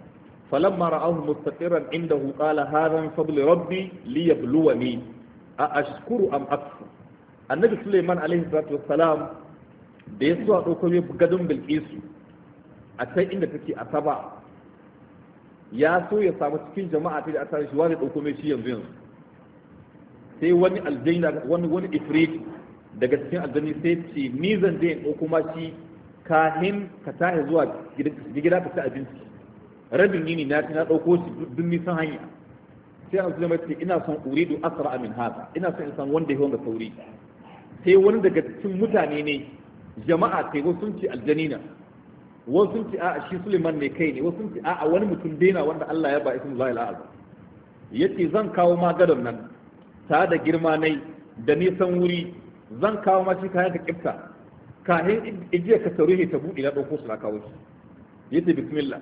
falamma ra'ahu mustaqirran indahu qala hadha min fadli rabbi liyabluwani a ashkuru am akfur annabi suleiman alaihi salatu wassalam da ya zuwa ɗauko mai gadon bilkisu a can inda take a saba ya so ya samu cikin jama'a ta da asali shi wani ɗauko mai shi yanzu yanzu sai wani aljaina wani wani ifrit daga cikin azumi sai ce ni zan je in ɗauko ma shi kahin ka tahi zuwa gida ka ci abinci rabin yini na ta ɗauko shi duk nisan hanya sai an zama ce ina son uridu asra amin haka ina son in san wanda ya wanda sauri sai wani daga cikin mutane ne jama'a sai wasu sun ce aljanina wasu sun ce a shi Suleiman ne kai ne wasu sun ce a wani mutum daina wanda Allah ya ba ismu zai la'azu yace zan kawo ma gadon nan Ta da girma nai da nisan wuri zan kawo ma shi kayan ka kifta kayan igiya ka tarihi ta buɗe na ɗauko su kawo shi yace bismillah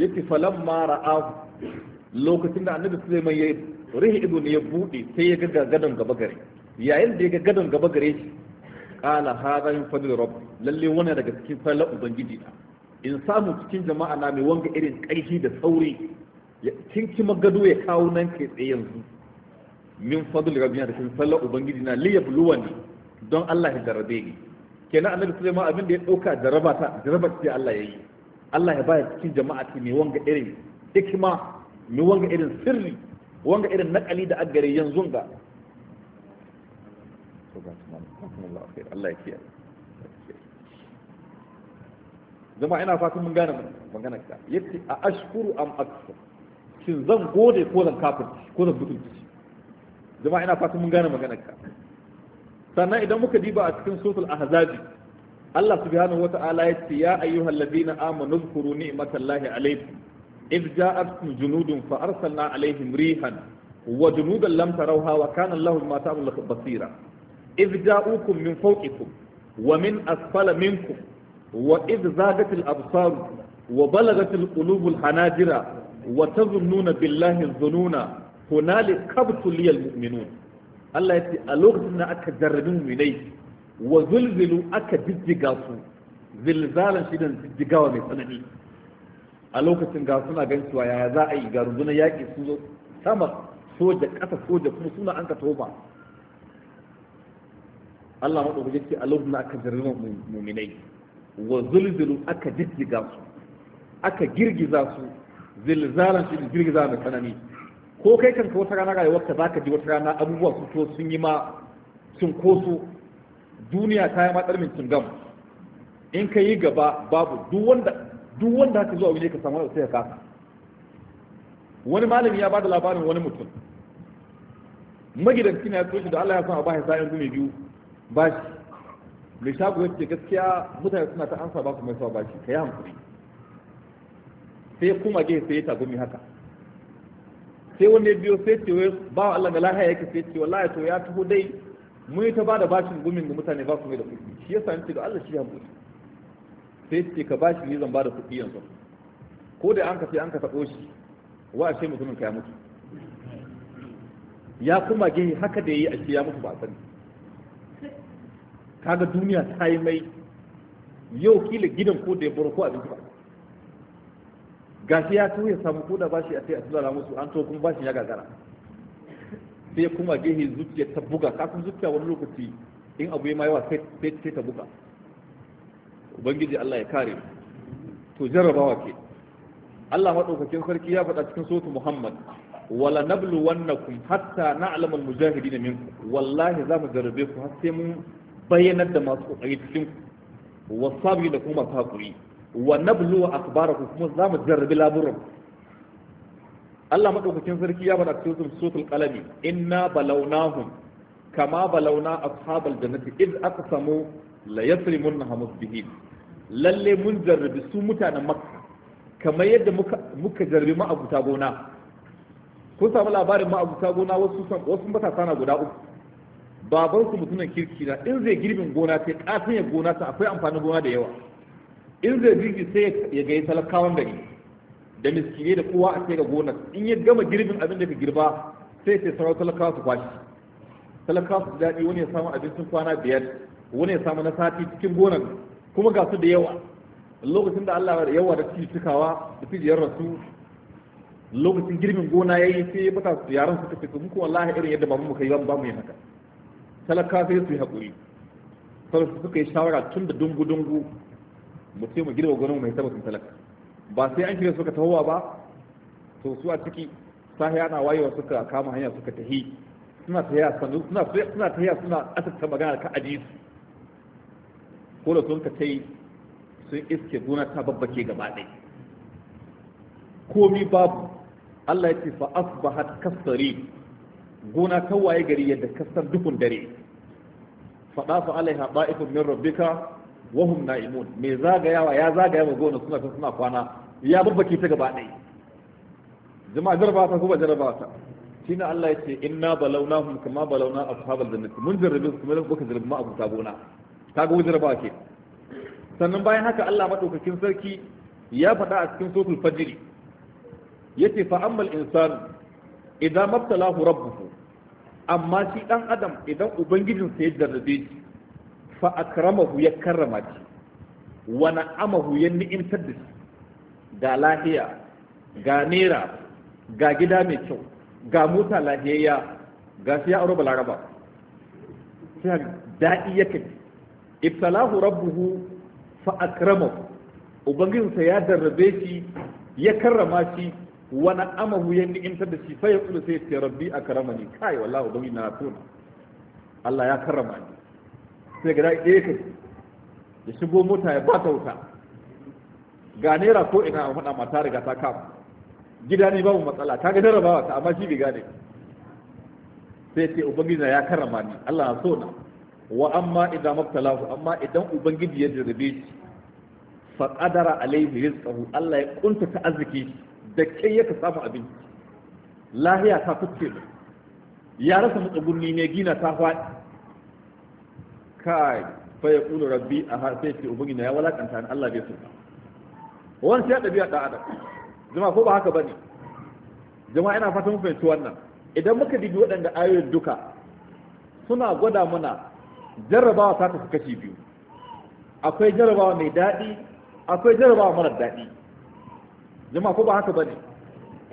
yace falamma ra'ahu lokacin da annabi Sulaiman ya rihi ido ne ya buɗe sai ya ga gadon gaba gare yayin da ya ga gadon gaba gare shi qala hadha min fadli lalle wani daga cikin fadlan ubangiji da. in samu cikin jama'a na mai wanga irin ƙarfi da sauri ya cinci gado ya kawo nan kai tsaye yanzu min fadl rabbi da cikin sallar ubangiji na liya buluwani don Allah ya darabe ni kenan annabi Sulaiman abin da ya dauka daraba ta daraba ce Allah yayi Allah ya ba cikin jama'a ce mai wanga irin hikima mai wanga irin sirri wanga irin nakali da agare yanzu ga Allah ya kiyaye zama ina fatan mun gane magana ka yace a ashkuru am akfur shin zan gode ko zan kafirci ko zan mutunci jama'a ina fata mun gane maganar ka sannan idan muka diba a cikin suratul ahzabi Allah subhanahu wata'ala ya ce ya ayyuhal ladina amanu zkuru ni'matallahi alaykum idh ja'atkum junudun fa arsalna alayhim rihan wa junudan lam tarawha wa kana Allahu bima ta'maluna basira idh ja'ukum min fawqikum wa min asfala minkum wa idh zagatil absar wa balagatil qulubul hanajira wa tazunnuna billahi dhununa hunalika kabtuliyal mu'minun Allah ya ce a lokacin da aka jarrabi mu'minai wa zulzilu aka jijjiga su zilzalan shi dan jijjigawa mai tsanani a lokacin ga suna gan cewa yaya za a yi ga rundunar yaƙi su zo sama soja ƙasa soja kuma suna an ka toba Allah maɗaukaki ce a lokacin da aka jarrabi mu'minai wa zulzilu aka jijjiga su aka girgiza su zilzalan shi girgiza mai tsanani ko kai kanka wata rana rayuwarka za ka ji wata rana abubuwa su to sun yi ma cunkoso duniya ta yi matsar min cingam in ka yi gaba babu duk wanda duk wanda haka zuwa wuje ka samu wasu sai ka kasa wani malami ya bada labarin wani mutum magidanci na ya tsoshi da Allah ya san a bashi sa'in gumi biyu bashi mai shago ya ce gaskiya mutane suna ta ansa ba su mai sa bashi ka yi hankali sai kuma ge sai ya tagumi haka sai wani biyo sai ce wai ba Allah ga lahaya yake sai ce wallahi to ya taho dai mun ta bada bashin gumin ga mutane ba su mai da kuɗi shi yasa nace da Allah shi hankali sai ce ka bashi ni zan bada kuɗi yanzu ko da an ka sai an ka taɓo shi wa ashe mutumin ka ya mutu ya kuma gehe haka da yayi ashe ya mutu ba sani kaga duniya ta yi mai yau kila gidan ko da ya buru ko abinci ba gashi ya tuya samu kuda bashi a sai a tura musu an to kuma bashi ya gagara sai kuma gehe zuciya ta buga kafin zuciya wani lokaci in abu ya mayawa sai ta buga ubangiji Allah ya kare to jarrabawa ke Allah madaukakin sarki ya faɗa cikin sotu Muhammad wala nablu wannakum hatta na'lamu al-mujahidin minkum wallahi za mu jarrabe ku har sai mun bayyanar da masu kokari cikin ku wasabi da kuma masu hakuri wa nablu akbarakum kuma za mu jarrabi laburin Allah madaukakin sarki ya faɗa cikin suratul qalami inna balawnahum kama balawna ashabal jannati id aqsamu la yasrimunha musbihin lalle mun jarrabi su mutanen makka kamar yadda muka muka jarrabi ma'abuta gona kun samu labarin ma'abuta gona wasu wasu matasa na guda uku babansu mutumin kirki na in zai girbin gona sai kafin ya gona ta akwai amfanin gona da yawa in zai girbi sai ya gayi talakawan gari da miskine da kowa a sai ga gonar in ya gama girbin abin da ka girba sai sai sauran talakawa su kwashi talakawa su daɗi wani ya samu abincin kwana biyar wani ya samu na sati cikin gonar kuma ga su da yawa lokacin da Allah da yawa da suke cikawa da fijiyar rasu lokacin girbin gona yi sai bata su yaran su tafi kuma wallahi irin yadda babu mu kai ba mu yi haka talaka sai su yi haƙuri. sai su suka yi shawara tun da dungu dungu mu ce mu girba gonan mai tabbatin talaka ba sai an shirya suka tahowa ba to su a ciki sahi ana wayewa suka kama hanya suka tahi suna tahiya sanu suna suna tahiya suna asirta magana ka aji su ko da sun ka tai sun iske gona ta babbake gaba ɗaya komi babu Allah ya ce fa asbahat kasari gona ta waye gari yadda kasar dukun dare faɗa fa alaiha ba'ifun min rabbika wahum na'imun mai zagayawa ya zagaya mai gona suna suna kwana ya babbake ta gaba ɗaya jama'a jarraba ta ko ba jarraba ta shine Allah ya ce inna balawnahum kama balawna ashabal jannati mun jarrabe su kuma muka jarrabe ma abuta gona kaga jarraba ke sannan bayan haka Allah madaukakin sarki ya faɗa a cikin suratul fajr yace fa ammal insan idan mabtalahu rabbuhu amma shi dan adam idan ubangijinsa ya jarrabe shi fa akramahu ya karrama shi wa na'amahu ya ni'imtar da shi ga lahiya ga nera ga gida mai kyau ga mota lahiyayya ga siya aro balaraba sai daɗi kai ibtalahu rabbuhu fa akramahu sa ya darrabe shi ya karrama shi wani amahu ya ni'imtar da shi fa ya kula sai ce rabbi akramani kai wallahi ubangi na tona Allah ya karrama ni sai gada ɗaya kai ya shigo mota ya ba ta wuta ga naira ko ina a faɗa mata riga ta kama gida ne babu matsala ta ga rabawa ta amma shi bai gane sai ce ubangiji ya karama ni Allah so na wa amma idan mabtalahu amma idan ubangiji ya jarrabe shi fa qadara alayhi rizqahu Allah ya kunta ta arziki da kai yaka samu abinci lahiya ta fice ya rasa matsugunni ne gina ta faɗi kai fa ya kulu rabbi a har sai ce ubangi ya walakanta ni Allah bai so ba wannan sai dabi'a da adam jama'a ko ba haka bane jama'a ina fatan mun fahimci wannan idan muka dubi waɗanda ayoyin duka suna gwada mana jarrabawa ta tafi kashi biyu akwai jarrabawa mai daɗi akwai jarrabawa mara daɗi jama'a ko ba haka bane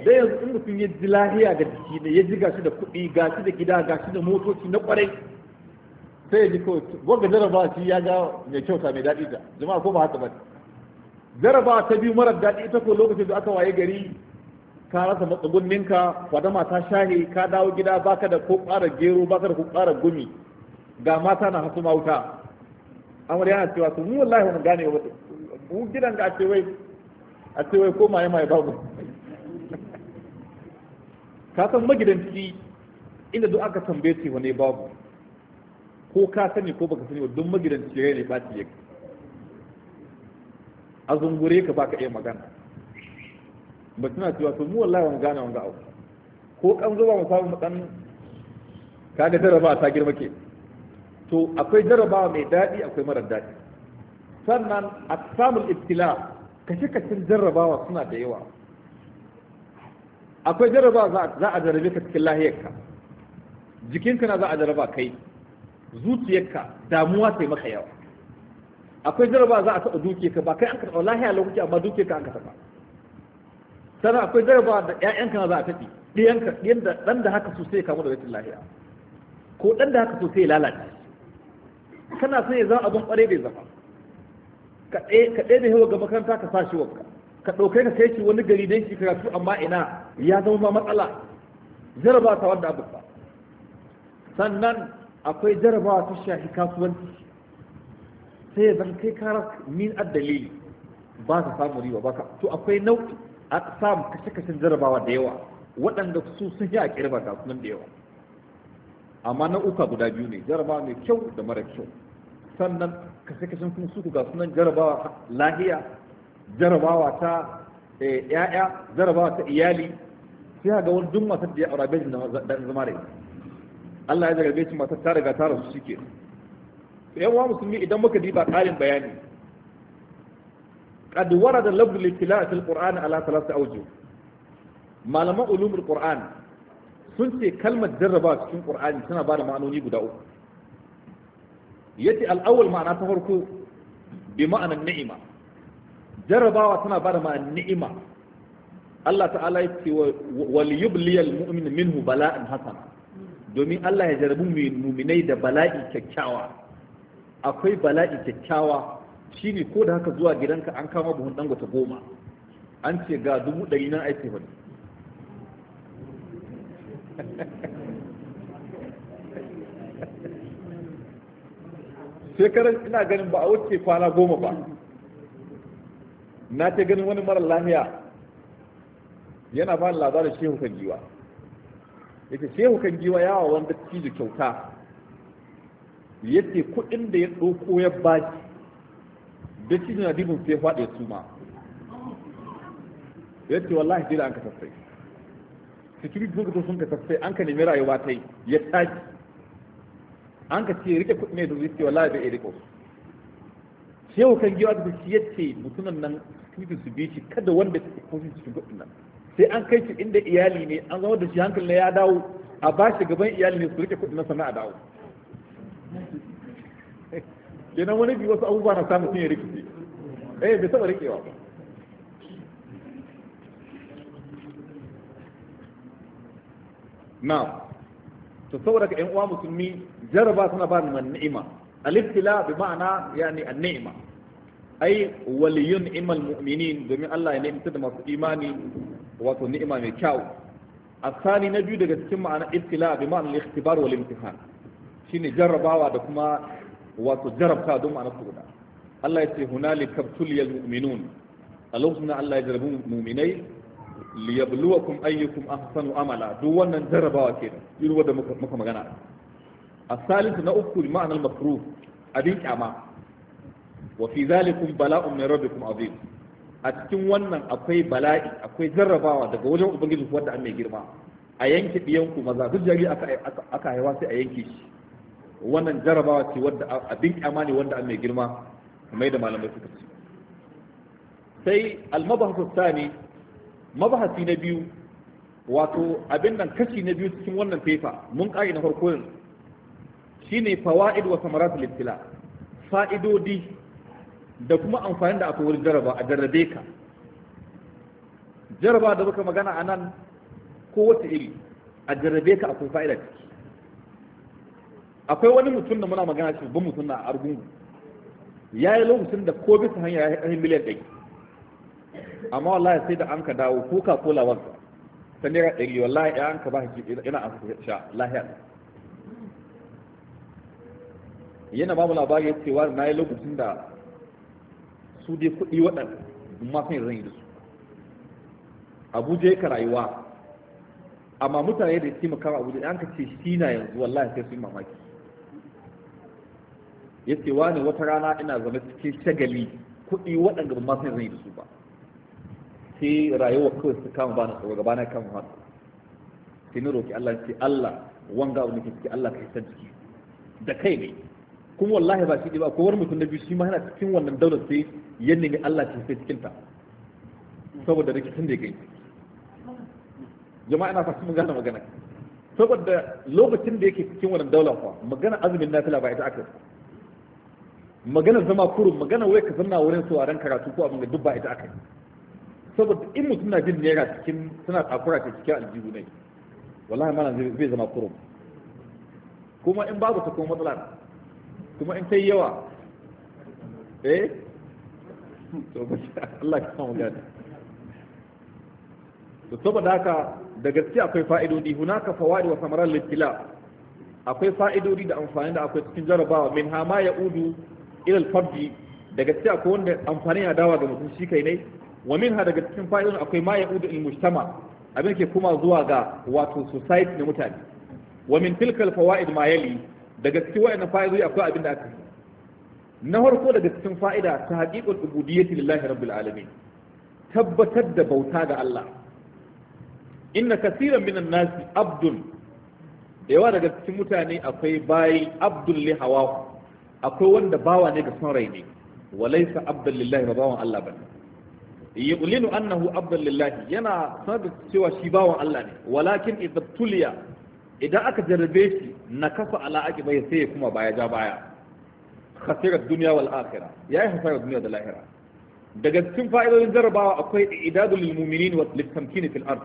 dai yanzu in mutum ya ji lahiya ga jiki ne ya ji gashi da kuɗi gashi da gida gashi da motoci na ƙwarai sai ji ko wanda jaraba shi ya ga mai kyauta mai daɗi ta jama'a ko ba haka ba jaraba ta biyu marar daɗi ita ko lokacin da aka waye gari ka rasa matsugunninka kwadama ta shahe ka dawo gida baka da ko ƙara gero baka da ko ƙara gumi ga mata na hasu mauta amarya yana cewa su mu wallahi wani gane wata mu gidan da a ce wai a ce wai ko maye maye babu ka san magidanci inda duk aka tambaye ce wani babu ko ka sani ko baka sani don magidan rai ne ta yake a zungure ka baka iya magana ba tana cewa to mu wallahi wani gana wani ga'au ko kan zuba mu samu dan kaga jaraba ta girma ke to akwai jarabawa mai daɗi akwai marar daɗi sannan a samun ibtila kashe-kashen jarrabawa suna da yawa akwai jarrabawa za a jarabe ka cikin lahiyarka jikinka na za a jarraba kai zuciyarka damuwa sai maka yawa akwai jaraba za a taɓa dukiyarka ba kai an karɓa lahiya lokaci amma dukiyarka an ka taɓa sannan akwai jaraba da ƴaƴanka za a taɓi ɗiyanka ɗiyan da ɗan da haka so sai ya kamu da rashin lahiya ko ɗan da haka so sai ya lalace kana son ya zama abin ƙwarai bai zama ka ɗaya da yawa ga makaranta ka sa shi wanka. ka ɗauke ka kai shi wani gari don shi karatu amma ina ya zama ma matsala jaraba ta wanda abu ba sannan akwai jarabawa ta shafi kasuwanci sai ya zan kai karar min addalili ba ka samu riba ba ka to akwai nau'i a samu kashe-kashen jarabawa da yawa waɗanda su sun yi a kirba kasuwan da yawa amma nau'uka guda biyu ne jarabawa mai kyau da mara kyau sannan kashe-kashen kuma su ga sunan jarabawa lahiya jarabawa ta eh, ya'ya jarabawa ta iyali sai ga wani dun masu da ya aure bai zama da ita Allah ya zarabe shi matar ta riga ta rasu shike yan wa musulmi idan muka diba ƙarin bayani qad warada lafzu litilawati alqur'ani ala thalathati awjuh malaman ulumul qur'an sun ce kalmar jarraba cikin qur'ani tana ba da ma'anoni guda uku yace al-awwal ma'ana ta farko bi ma'anan ni'ima jarrabawa tana ba da ni'ima Allah ta'ala ya ce wal yubliyal mu'min minhu bala'an hasana domin Allah ya jarabu muminai da bala'i kyakkyawa akwai bala'i kyakkyawa Shi ne ko da haka zuwa gidanka an kama buhun dangote goma an ce ga dubu ɗari na aiki wani shekarar ina ganin ba a wuce kwana goma ba na ce ganin wani mara lahiya yana ba labarin shehu kan giwa yake shehu kan giwa yawa wanda da kyauta yace kuɗin da ya ɗauko ya baki da cizo da dibin sai faɗi ya suma yace wallahi jira an ka sassai security sun ka sun ka sassai an ka nemi rayuwa ta yi ya taji an ka ce rike kuɗi ne da ce wallahi bai rike su shehu kan giwa da shi yace mutumin nan cikin su bi shi kada wanda ke kofin cikin kuɗin nan sai an kai shi inda iyali ne an zama da shi hankali na ya dawo a ba shi gaban iyali ne su rike kudin na sana'a dawo kenan wani bi wasu abubuwa na samun sun ya rikice eh bai saba rikewa ba na to saboda ka ƴan uwa musulmi jaraba suna ba ni ni'ima aliftila bi ma'ana yani an-ni'ima ai waliyun imal mu'minin domin Allah ya ne da masu imani wato ni'ima mai kyau asani na biyu daga cikin ma'ana ibtila bi ma'ana al-ikhtibar wal imtihan shine jarrabawa da kuma wato jarabta don ma'ana su guda Allah ya ce hunalika tuliyal mu'minun a lokacin da Allah ya jarrabu mu'minai liyabluwakum ayyukum ahsanu amala duk wannan jarrabawa ke irin wanda muka magana asalisu na uku bi ma'ana al-makruh abin kyama wa fi zalikum bala'un min rabbikum azim a cikin wannan akwai bala'i akwai jarrabawa daga wajen ubangiji wanda an mai girma a yanke ɗiyanku maza duk jari aka haiwa sai a yanke shi wannan jarrabawa ce wadda abin kyama ne wanda an mai girma kamar da malamai suka ce sai almabahasu sani mabahasi na biyu wato abin nan kashi na biyu cikin wannan fefa mun kare na farko yanzu shine fawaid wa samarat al-ibtila fa'idodi da kuma amfani da aka wurin jaraba a jarrabe ka jaraba da muka magana a nan ko wata iri a jarrabe ka akwai fa'ida ciki akwai wani mutum da muna magana shi babban mutum na argungu ya yi lokacin da ko bisa hanya ya yi miliyan ɗari amma wallahi sai da an ka dawo ko ka kola wanka ta naira ɗari wallahi ya an ka ba shi ina an sha lahiya yana ba mu labari ya ce na yi lokacin da su dai kuɗi waɗanda ma sun zan yi da su abuja yake rayuwa amma mutane da su makama abuja an ka ce shi na yanzu wallahi sai su yi mamaki ya ce wani wata rana ina zama cikin shagali kuɗi waɗanda ba ma sun zan yi da su ba sai rayuwa kawai su kama ba na tsoro gaba na kama haka sai na roƙi Allah ce Allah wanga abu ke ciki Allah ka san ciki da kai ne kuma wallahi ba shi ba ko wani mutum na biyu shi ma yana cikin wannan daular sai ya nemi Allah ta sai cikin ta saboda rikicin da ya jama'a na fasu mun gane magana saboda lokacin da yake cikin wannan daular fa magana azumin nafila ba ita aka magana zama kurun magana wai ka zanna wurin sauraron karatu ko abin da duk ba ita aka saboda in mutum na jin naira cikin suna takura ta cikin aljihu ne wallahi malam zai zama kurun kuma in babu ta kuma matsala kuma in ta yi yawa eh to Allah ka samu gani to saboda haka da gaske akwai fa'idodi hunaka fawaid wa samaran litila akwai fa'idodi da amfani da akwai cikin jarabawa min ha ma ya udu ilal farji da gaske akwai wanda amfani ya dawa ga mutum shi kai ne wa min ha daga cikin fa'idodi akwai ma ya udu il mujtama abin ke kuma zuwa ga wato society na mutane wa min tilkal fawaid ma yali daga cikin wa'annan fa'idoji akwai abin da aka yi na farko daga cikin fa'ida ta haqiqat ubudiyyati lillahi rabbil alamin tabbatar da bauta ga Allah inna kaseeran minan nasi abdun da yawa daga cikin mutane akwai bayi abdul li hawahu akwai wanda bawa ne ga son rai ne walaysa abdul lillahi ba bawan Allah bane annahu abdul lillahi yana sanar cewa shi bawan Allah ne walakin idza tuliya idan aka jarrabe shi na kafa ala aqibai sai ya kuma baya ja baya khasirar duniya wal akhira yayi hasarar duniya da lahira daga cikin fa'idodin jarrabawa akwai idadul lil mu'minin wa lil fil ard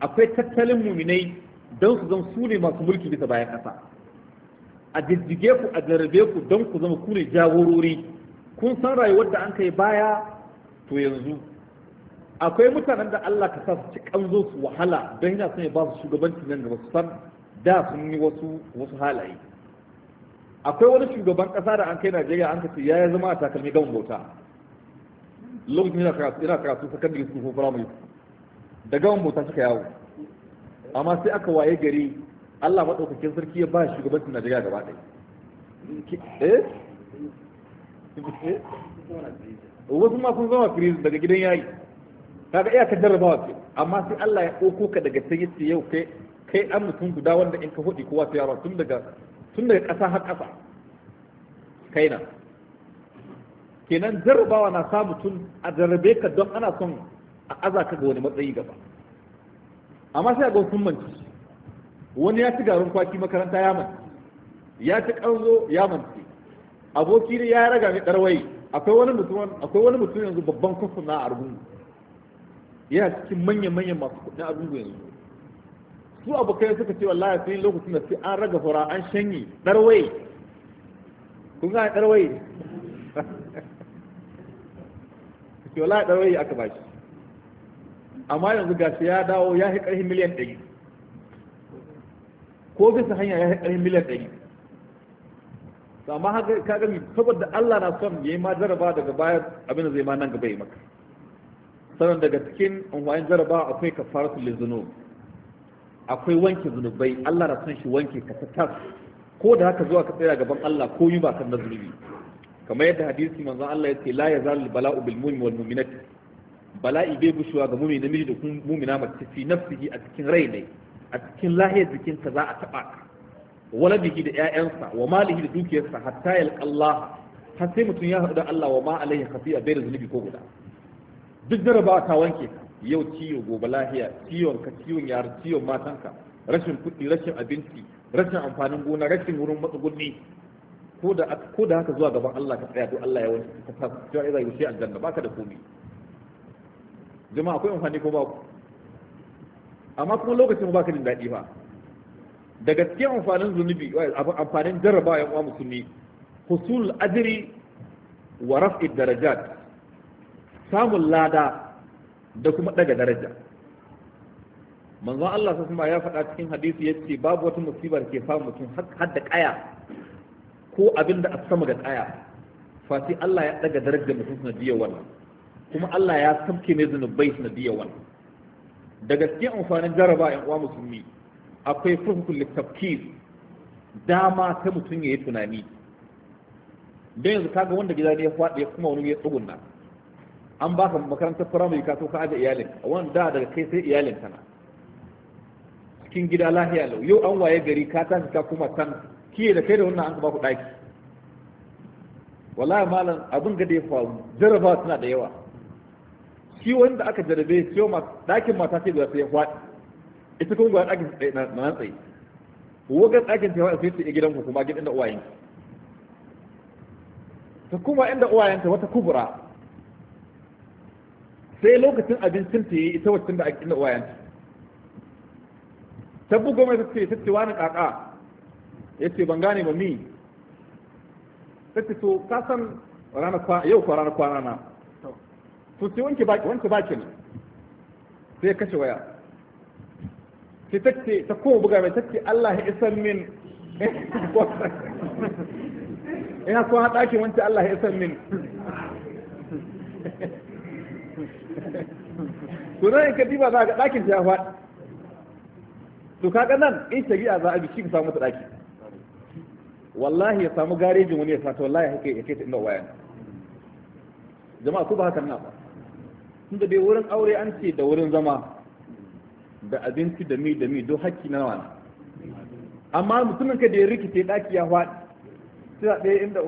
akwai tattalin mu'minai don su zama su ne masu mulki bisa bayan kasa a jijjige ku a jarrabe ku don ku zama ku ne jagorori kun san rayuwar da an kai baya to yanzu akwai mutanen da Allah ka sa su ci kanzo su wahala don yana son ya ba su shugabanci nan gaba su san da sun yi wasu wasu halaye akwai wani shugaban kasa da an kai Najeriya an kace ya zama a takalmi gaban bauta lokacin yana karatu yana karatu sakandare su ko firamare da gaban bauta suka yawo amma sai aka waye gari Allah madaukakin sarki ya ba shugabancin Najeriya gaba ɗaya eh, eh? wasu ma zama firis daga gidan yayi kaga iya ka jarrabawa ce amma sai Allah ya ɗauko ka daga sai yace yau kai kai an mutum guda wanda in ka hudi kowa yaro tun daga tun daga ƙasa har ƙasa kai na kenan jarrabawa na sa mutum a jarrabe ka don ana son a aza ka ga wani matsayi gaba amma sai a ga sun manci wani ya ci garin kwaki makaranta ya manci ya ci ƙanzo ya manci aboki ne ya raga ni ɗarwayi akwai wani mutum akwai wani mutum yanzu babban kwafin na argungu yana cikin manyan-manyan masu kudin abin yanzu su abokai suka ce wallahi sai lokacin da sai an raga fara an shanyi ɗarwai kun gane ɗarwai ke wallahi ɗarwai aka ba shi amma yanzu ga ya dawo ya fi ƙarfin miliyan ɗari ko bisa hanya ya fi ƙarfin miliyan ɗari amma haka ka gami saboda Allah na son ya yi ma jaraba daga bayan abin da zai ma nan gaba yi maka sannan daga cikin unwayin jaraba akwai kafaratu lizunub akwai wanke zunubai Allah na son shi wanke ka tas ko da haka zuwa ka tsaya gaban Allah ko yi ba kan da zunubi kamar yadda hadisi manzon Allah yace la yazalu bala'u bil mu'min wal mu'minat bala'i bai bushewa ga mu'min namiji da kuma mu'mina mace fi nafsihi a cikin rai ne a cikin lahiyar jikinka za a taba ka waladihi da ƴaƴansa wa malihi da dukiyarsa hatta yalqa Allah har sai mutum ya haɗu da Allah wa ma alaihi khafi'a bai da zunubi ko guda duk ba ka wanke yau ciwo gobe lahiya ciwon ka ciwon yar ciwon matanka rashin kuɗi rashin abinci rashin amfanin gona rashin wurin matsugunni ko da ko da haka zuwa gaban Allah ka tsaya to Allah ya wani ka ta cewa idan yushe aljanna baka da komai jama'a akwai amfani ko ba amma kuma lokacin ba baka jin daɗi ba da gaske amfanin zunubi amfanin jarrabawa ya uwa musulmi husul ajri wa raf'id darajat samun lada da kuma daga daraja manzon Allah sai ya faɗa cikin hadisi ya ce babu wata musibar ke samu mutum har da kaya ko abin da a sama ga kaya fati Allah ya daga darajar mutum sanadiyar wannan kuma Allah ya samke mai zunubai sanadiyar wannan daga cikin amfanin jaraba yan uwa musulmi akwai fuhukul littafkir dama ta mutum ya yi tunani don yanzu kaga wanda gida ne ya faɗi ya kuma wani ya tsugunna an baka makarantar firamare ka so ka aje iyalin da daga kai sai iyalin kana cikin gida lahiya lau yau an waye gari ka tashi ka kuma can kiye da kai da wannan an ba ku daki wallahi malam abin ga da ya faru jarabawa suna da yawa shi wanda aka jarabe ma dakin mata sai da sai ya faɗi ita kuma ga dakin sai na nan tsaye wagan dakin ta sai ta gidan ku kuma gidan da uwayen ta kuma inda uwayen ta wata kubura sai lokacin abincin ta yi ita wacce da ake inda uwayen ta bugo mai ta ce wani kaka yace ban gane ba mi ta to ka san yau kwa ranar kwana na to ce wanke baki wanke baki ne sai kashe waya sai ta ta koma buga mai ta Allah ya isan min ina kwana ɗakin wanke Allah ya isan min Ku nan in kadi ba za ga ɗakin ta ya faɗi to kaga nan in shari'a za a bi shi ka samu masa ɗaki wallahi ya samu garejin wani ya ta wallahi haka ya kai ta inda wayan jama'a ko ba haka na ba da bai wurin aure an ce da wurin zama da abinci da mi da mi don hakki na wani amma mutumin ka da ya rikice daki ya faɗi suna ɗaya inda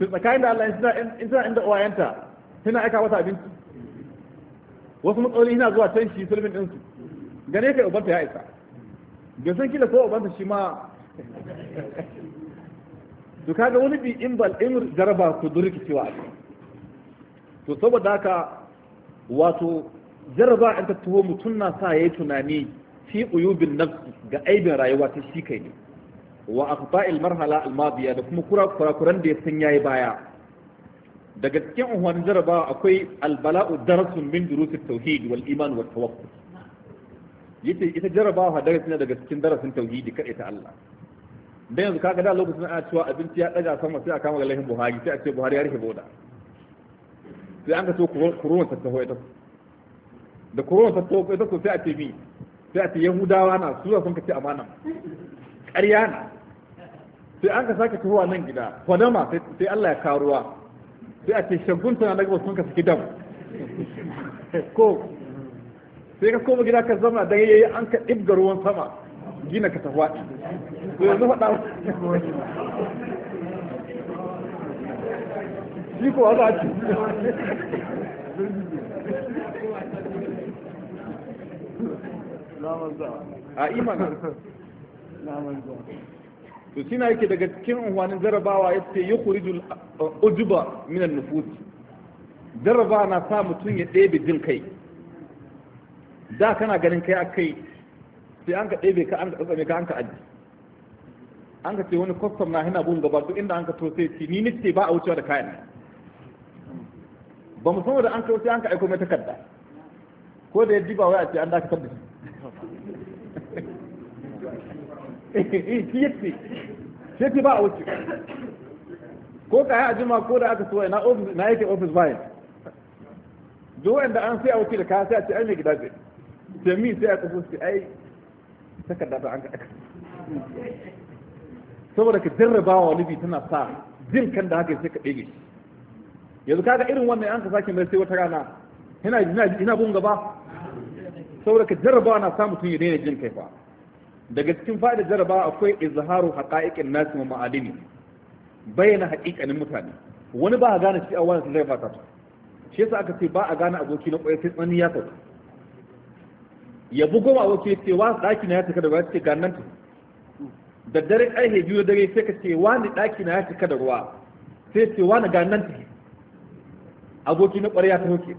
su tsakanin da Allah in suna inda wayanta suna aika wata abinci wasu matsaloli yana zuwa can shi sulmin ɗinsu gane kai ubanta ya isa bai san kila ko ubanta shi ma to kaga wani bi in bal in jaraba ku durki cewa to saboda haka wato jaraba in ta tuho mutum na sa yayi tunani fi uyubin nafsi ga aibin rayuwa ta shi kai ne wa aqta'il marhala al-madiya da kuma kura kura da ya san yayi baya daga cikin unhwanin jarabawa akwai albala'u darasun min durusit tauhid wal iman wa tawakkul yace ita jarabawa darasi ne daga cikin darasin tauhidi kadai ta Allah dan yanzu kaga da lokacin ana cewa abinci ya daga sama sai a kama ga lahin Buhari sai a ce Buhari ya rufe boda sai an ka so corona ta taho ita da corona ta taho ita sai a ce mi sai a ce Yahudawa na su sun ka ce amana ƙarya na sai an ka sake tahowa nan gida kwadama sai Allah ya karuwa sai a ce shagun na daga wasu ka suke dam ko sai ka koma gida ka zama da yayi an ka ɗibga ruwan sama gina ka ta faɗi to yanzu faɗa shi ko za a ci a imana to shi yake daga cikin unhwanin jarabawa ya ce yi kurijul ujuba minan nufusi jaraba na sa mutum ya ɗebe jin kai da kana ganin kai a kai sai an ka ɗebe ka an ka tsatsame ka an ka aji an ka ce wani kwastam na hina bugun gaba duk inda an ka to sai ci ni ni ce ba a wucewa da kayan ba mu san da an ka wuce an ka aiko mai takarda ko da ya diba waya ce an dakatar da shi shi yace ba a wuce ko ka a jima ko da aka so na office na yake office bayan duk wanda an sai a wuce da ka sai a ce ai mai gida ce mi sai a kafu su ai takarda ta an ka aka saboda ka jarrabawa wani bi tana sa jin kan da haka sai ka ɗege yanzu kaga irin wannan an ka sake mai sai wata rana yana ina ina gaba saboda ka jarrabawa na sa mutum ya daina jin kai fa daga cikin fa'idar jaraba akwai izharu haqa'iqin nas wa ma'alimi bayyana haqiqanin mutane wani ba a gane shi a wani sun zai fata shi yasa aka ce ba a gane aboki na ƙwaya sai tsani ya sauka ya bugo ma aboki ce wa daki na ya cika da ruwa ce ga nan da dare ƙarfe biyu da dare sai ka ce wa ni na ya cika da ruwa sai ce wa ni ga nan aboki na ƙwarya ta hoke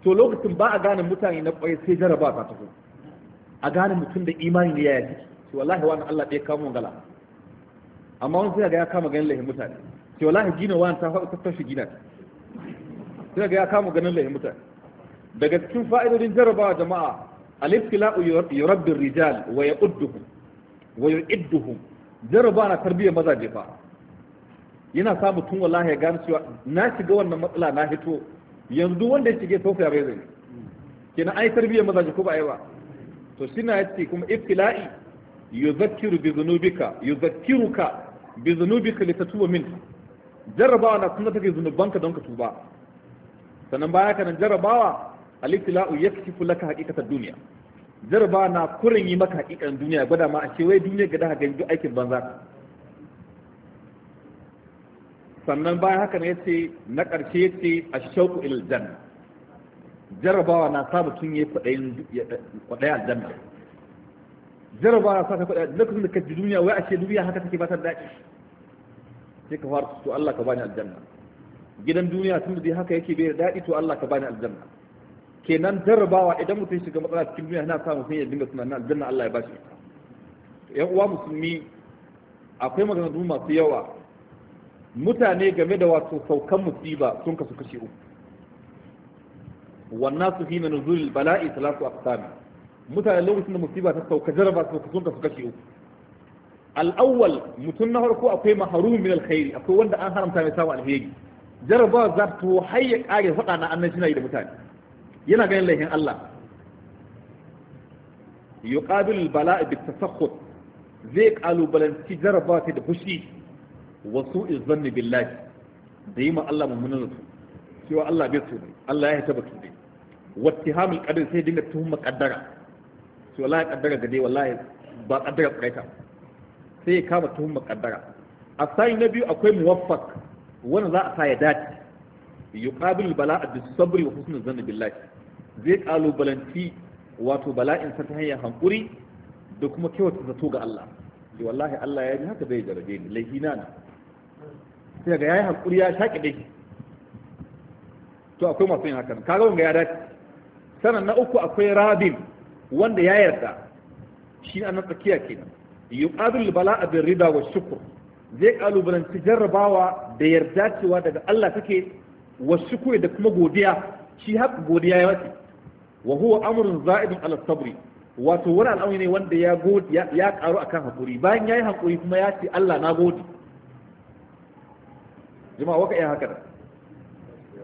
to lokacin ba a gane mutane na ƙwaya sai jaraba ta tafi a gane mutum da imani ne ya yi to wallahi wani Allah ɗaya kama gala amma wani suna ga ya kama ganin lahin mutane to wallahi gina wani ta faɗi tattar shi gina suna ga ya kama ganin lahin mutane daga cikin fa'idodin jarabawa jama'a al-ibtila'u yurabbi rijal wa yaqudduhum wa yu'idduhum jarabawa na tarbiyyar maza jefa yana sa mutum wallahi ya gane cewa na shiga wannan matsala na hito yanzu wanda ya shige sofa ya bai zai kenan ai tarbiyyar maza jefa ba ai ba to suna yace kuma ibtila'i yuzakkiru bi zunubika yuzakkiruka bi li tatuba min jarrabawa na kuma take zunubanka don ka tuba sannan baya kana jarrabawa al-ibtila'u yakshifu laka haqiqatad dunya jarrabawa na kurin yi maka haqiqan duniya gwada ma a ce wai duniya ga da ganin aikin banza sannan baya haka ne yace na karshe yace ash-shauqu ila al-janna jarabawa na sa mutum ya kwaɗayi aljanna jarabawa na sa ka kwaɗayi lokacin da ka ji duniya wai a ce duniya haka take ba ta daɗi sai ka fara to Allah ka bani aljanna gidan duniya tun da haka yake bai daɗi to Allah ka bani aljanna kenan jarabawa idan mutum ya shiga matsala cikin duniya yana sa mutum ya dinga tunanin aljanna Allah ya bashi yan uwa musulmi akwai maganganu masu yawa mutane game da wato saukan musiba sun kasu kashe uku wannan su hina nuzulil bala'i salatu aqsam mutane lokacin da musiba ta sauka jaraba su sun ka su kashe uku mutun na farko akwai mahrum min al-khair akwai wanda an haramta mai samu alheri jaraba za ta hayya kare fada na annabi yana yi da mutane yana ganin laihin Allah yuqabil bala'i bit tasakhut zai kalubalanci jaraba ta da fushi wasu da yi ma Allah mummunan Allah Allah ya wattihamul qadar sai dinga tuhumma qaddara to wallahi kaddara gade wallahi ba kaddara tsareka sai ya kama tuhumma qaddara a sayi na biyu akwai muwaffaq wani za a sa ya dace yuqabil bala'a bis sabri wa husnul zanni billahi zai kalubalanci wato bala'in sa ta hanyar hankuri da kuma kyautar zato ga Allah sai wallahi Allah ya ji haka bai jarabe ni laihina na sai ga yi hankuri ya shaƙi dai to akwai masu yin hakan kaga wanga ya dace sannan na uku akwai rabin wanda ya yarda shi a nan tsakiya kenan yuqabil bala'a bir rida wa shukr zai kalubalanci jarrabawa da yarda cewa daga Allah take wa shukr da kuma godiya shi haka godiya ya wace wa huwa amrun za'idun ala sabri wato wani al'amari ne wanda ya ya karu akan hakuri bayan yayi hakuri kuma ya ce Allah na gode jama'a waka iya haka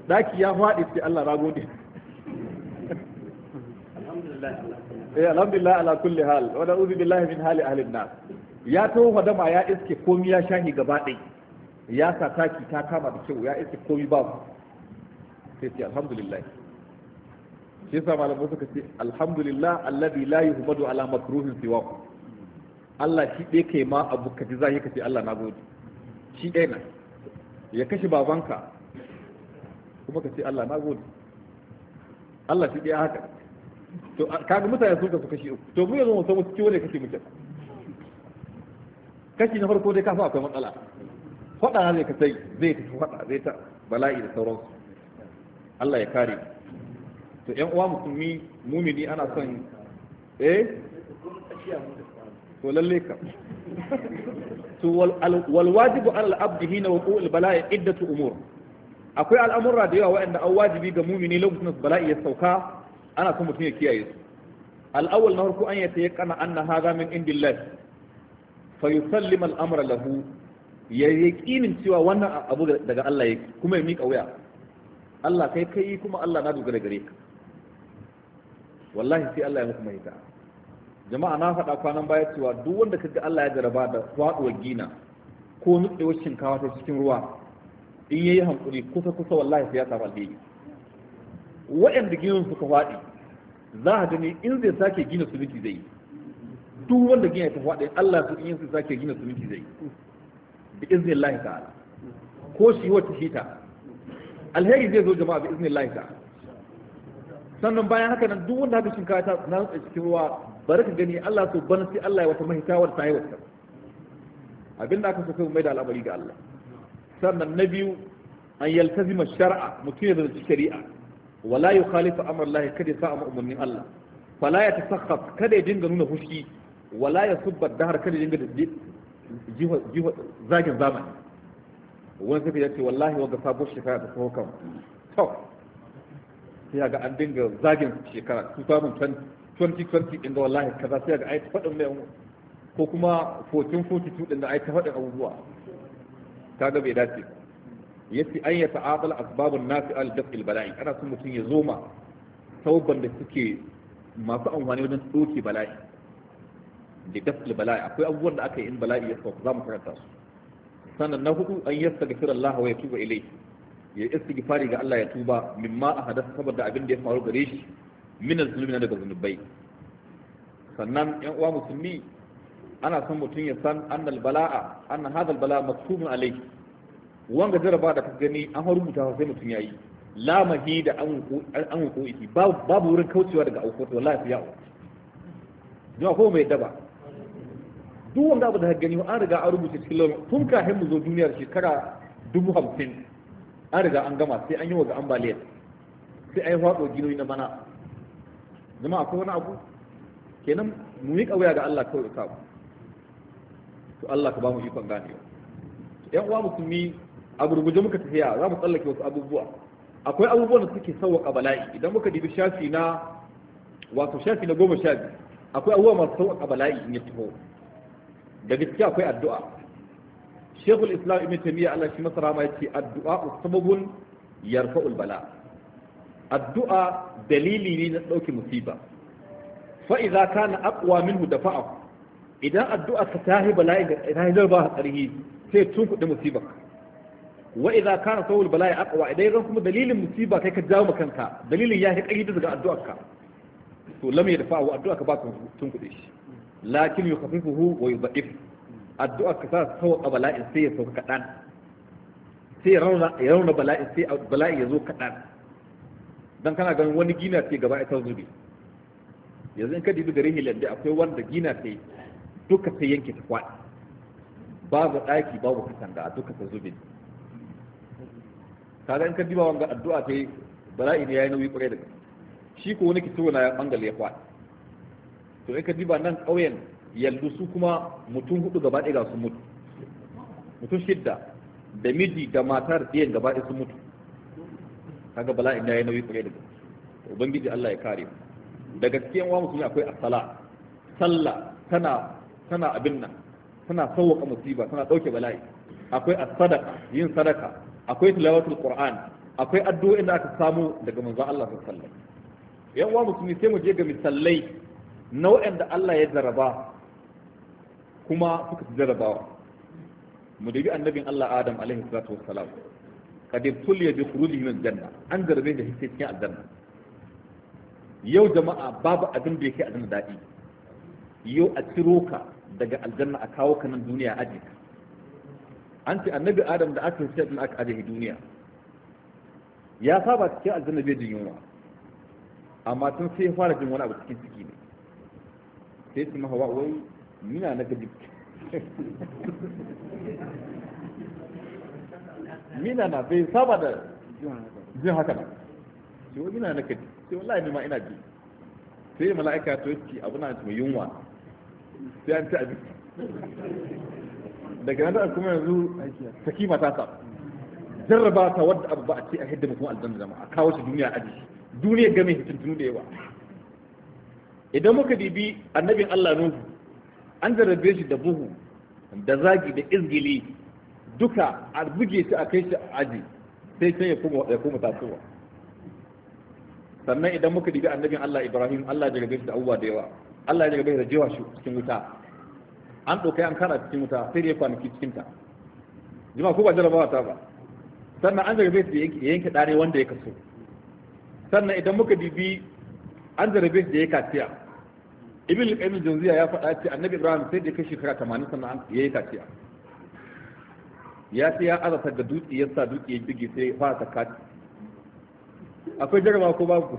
daki ya faɗi sai Allah na gode eh alhamdulillah ala kulli hal wa na'udhu billahi min hali ahli an ya taho fadama ya iske komi ya shahi gaba dai ya sa taki ta kama da kyau ya iske komi babu sai ce alhamdulillah shi sa malamai suka ce alhamdulillah alladhi la yuhmadu ala makruhin siwaku Allah shi dai kai ma abu ka ji zai ka ce Allah na gode shi dai na ya kashe babanka kuma ka ce Allah na gode Allah shi dai haka to kaga mutane sun kasu kashi uku to mu yanzu mu san ciwo ne kashi mutum kashi na farko dai ka akwai matsala faɗa ne ka sai zai tafi faɗa zai ta bala'i da sauransu Allah ya kare to ƴan uwa musulmi mumini ana son eh to lalle ka to wal wajibu ala al abdi hina wuqu al bala'i iddatu umur akwai al'amurra da yawa wa'anda an wajibi ga mumini lokacin da bala'i ya sauka ana son mutum ya kiyaye su al'awwal na farko an ya tayakkana anna hadha min indillah fa yusallim al'amra lahu ya yi yaqinin cewa wannan abu daga Allah yake kuma ya miƙa wuya Allah kai kai kuma Allah na dogara gare ka wallahi sai Allah ya hukuma ta. jama'a na faɗa kwanan baya cewa duk wanda ka ga Allah ya jaraba da faɗuwar gina ko nutsewar shinkawa ta cikin ruwa in yayi hankuri kusa kusa wallahi sai ya samu alheri waɗanda ginin suka faɗi za a gani in zai sake gina suminti zai duk wanda gina ta faɗi Allah su in su sake gina suminti zai bi izinin Allah ta'ala ko shi wata shi ta alheri zai zo jama'a bi izinin Allah ta'ala sannan bayan haka nan duk wanda haka shinkawa ta na cikin ruwa bari ka gani Allah so bana sai Allah ya wata mahitawar ta yi wata abinda aka so kai mai da al'amari ga Allah sannan na biyu an yaltazima shari'a, mutum ya zai shari'a wala Khalifa amr Allah kada ya sa'a umarnin Allah fala ya tasakhaf kada ya dinga nuna fushi wala ya subba dahar kada ya dinga da jiwa zagin zamani wani sai ya ce wallahi wa gafa bush shekara da tsohon kan to sai ga an dinga zagin shekara 2020 inda wallahi kaza sai ga ai faɗin mai ko kuma 1442 din da ai ta faɗin abubuwa kaga bai dace ba yace an ya ta'adal asbabun nafi al daf'il bala'i ana son mutum ya zoma sauban da suke masu amfani wajen tsoke bala'i da daf'il bala'i akwai abubuwan da aka yi in bala'i ya sauka za mu karanta su sannan na hudu an yasta ga yastaghfir Allah wa yatuba ilayhi ya istighfari ga Allah ya tuba ma a ahadatha saboda abin da ya faru gare shi min zulmi na daga zunubai sannan yan uwa musulmi ana son mutum ya san annal bala'a anna hadha al bala'a maktumun alayhi wanga jaraba da ka gani an rubuta sai mutum yayi la mahida an an koyi babu wurin kaucewa daga aukuwar wallahi fi yawo don ko mai daba duk wanda abu da gani an riga an rubuta cikin lauyin tun kafin mu zo duniyar shekara dubu hamsin an riga an gama sai an yi wa ambaliyar sai an yi hwaɗo ginoyi na bana zama akwai wani abu kenan mu yi ƙauya ga Allah kawai ka to Allah ka ba mu ikon ganewa ƴan uwa musulmi a gurguje muka tafiya za mu tsallake wasu abubuwa akwai abubuwan da suke sauwaka bala'i idan muka dibi shafi na wato shafi na goma sha biyu akwai abubuwa masu sauwaka bala'i in ya taho da gaskiya akwai addu'a shekul islam ibn taymiya Allah shi masara ma yace addu'a sababun yarfa'ul bala addu'a dalili ne na dauke musiba fa idza kana aqwa minhu dafa'ahu idan addu'a ta tahi bala'i ga tahi zarba karhi sai tun tunkuɗe musibar wa idza kana sawul bala'i aqwa idan zan kuma dalilin musiba kai ka jawo kanka dalilin ya kai da daga addu'arka to lam yadfa'u addu'arka ba ka tun kuɗe shi lakin yukhaffifuhu wa yudhif addu'arka sa sauka bala'in sai ya sauka kadan sai ya rauna ya rauna bala'in sai bala'in ya zo kadan dan kana ganin wani gina ce gaba ita zubi yanzu in ka dibi garin lalle akwai wanda gina ce duka sai yanke ta kwaɗi babu ɗaki babu katanga duka ta zubin kaga in ka diba wanga addu'a ta yi bala'i ne yayi nauyi kwarai da shi ko wani kitso na bangale ya faɗi to in ka diba nan ƙauyen yaldu su kuma mutum hudu gaba ɗaya ga sun mutu mutum shidda da miji da matar ɗiyan gaba ɗaya sun mutu kaga bala'i ne yayi nauyi kwarai da ubangiji Allah ya kare mu da gaskiyan wa musulmi akwai sala, sallah tana tana abin nan tana sauka musiba tana dauke bala'i akwai as-sadaqa yin sadaka akwai tilawatul qur'an akwai addu'o'in da aka samu daga manzo Allah sallallahu alaihi wasallam yan uwa musulmi sai mu je ga misalai nau'in da Allah ya jaraba kuma suka jarabawa mu dubi annabin Allah Adam alaihi salatu wassalam kad ibtuliya bi khurujihi min janna an jarabe da hikke cikin aljanna yau jama'a babu abin da yake aljanna dadi yau a ciro ka daga aljanna a kawo ka nan duniya aji an ce annabi adam da aka sai din aka ajiye duniya ya saba cikin aljanna bai jin yunwa amma tun sai fara jin wani abu cikin ciki ne sai su hawa wai mina na gaji mina na bai saba da jin haka ba sai wani mina na gaji sai wallahi ne ma ina ji sai mala'ika to yake abu na mai yunwa sai an ci abinci daga nan da kuma yanzu sakima ta samu jarraba ta wadda abu ba a ce a hidda mutum aljanna zama a kawo shi duniya aji duniya game da hitintunu da yawa idan muka dibi annabin Allah Nuhu an jarrabe shi da buhu da zagi da izgili duka a buge shi a kai shi a aji sai can ya koma ya kuma tasowa sannan idan muka dibi annabin Allah Ibrahim Allah ya jarrabe shi da abubuwa da yawa Allah ya jarrabe shi da jewa shi cikin wuta an ɗauka an kara cikin wuta sai da ya kwana cikin ta jima ko ba jarabawa ta ba sannan an jarabe su ya yanke ɗare wanda ya kaso sannan idan muka dibi an jarabe su da ya kaciya ibn qayyim jawziya ya faɗa ce annabi ibrahim sai da ya kai shekara 80 sannan ya yi kaciya ya ce ya azata ga dutse ya sa dutse ya bige sai ya fara kaci akwai jarabawa ko babu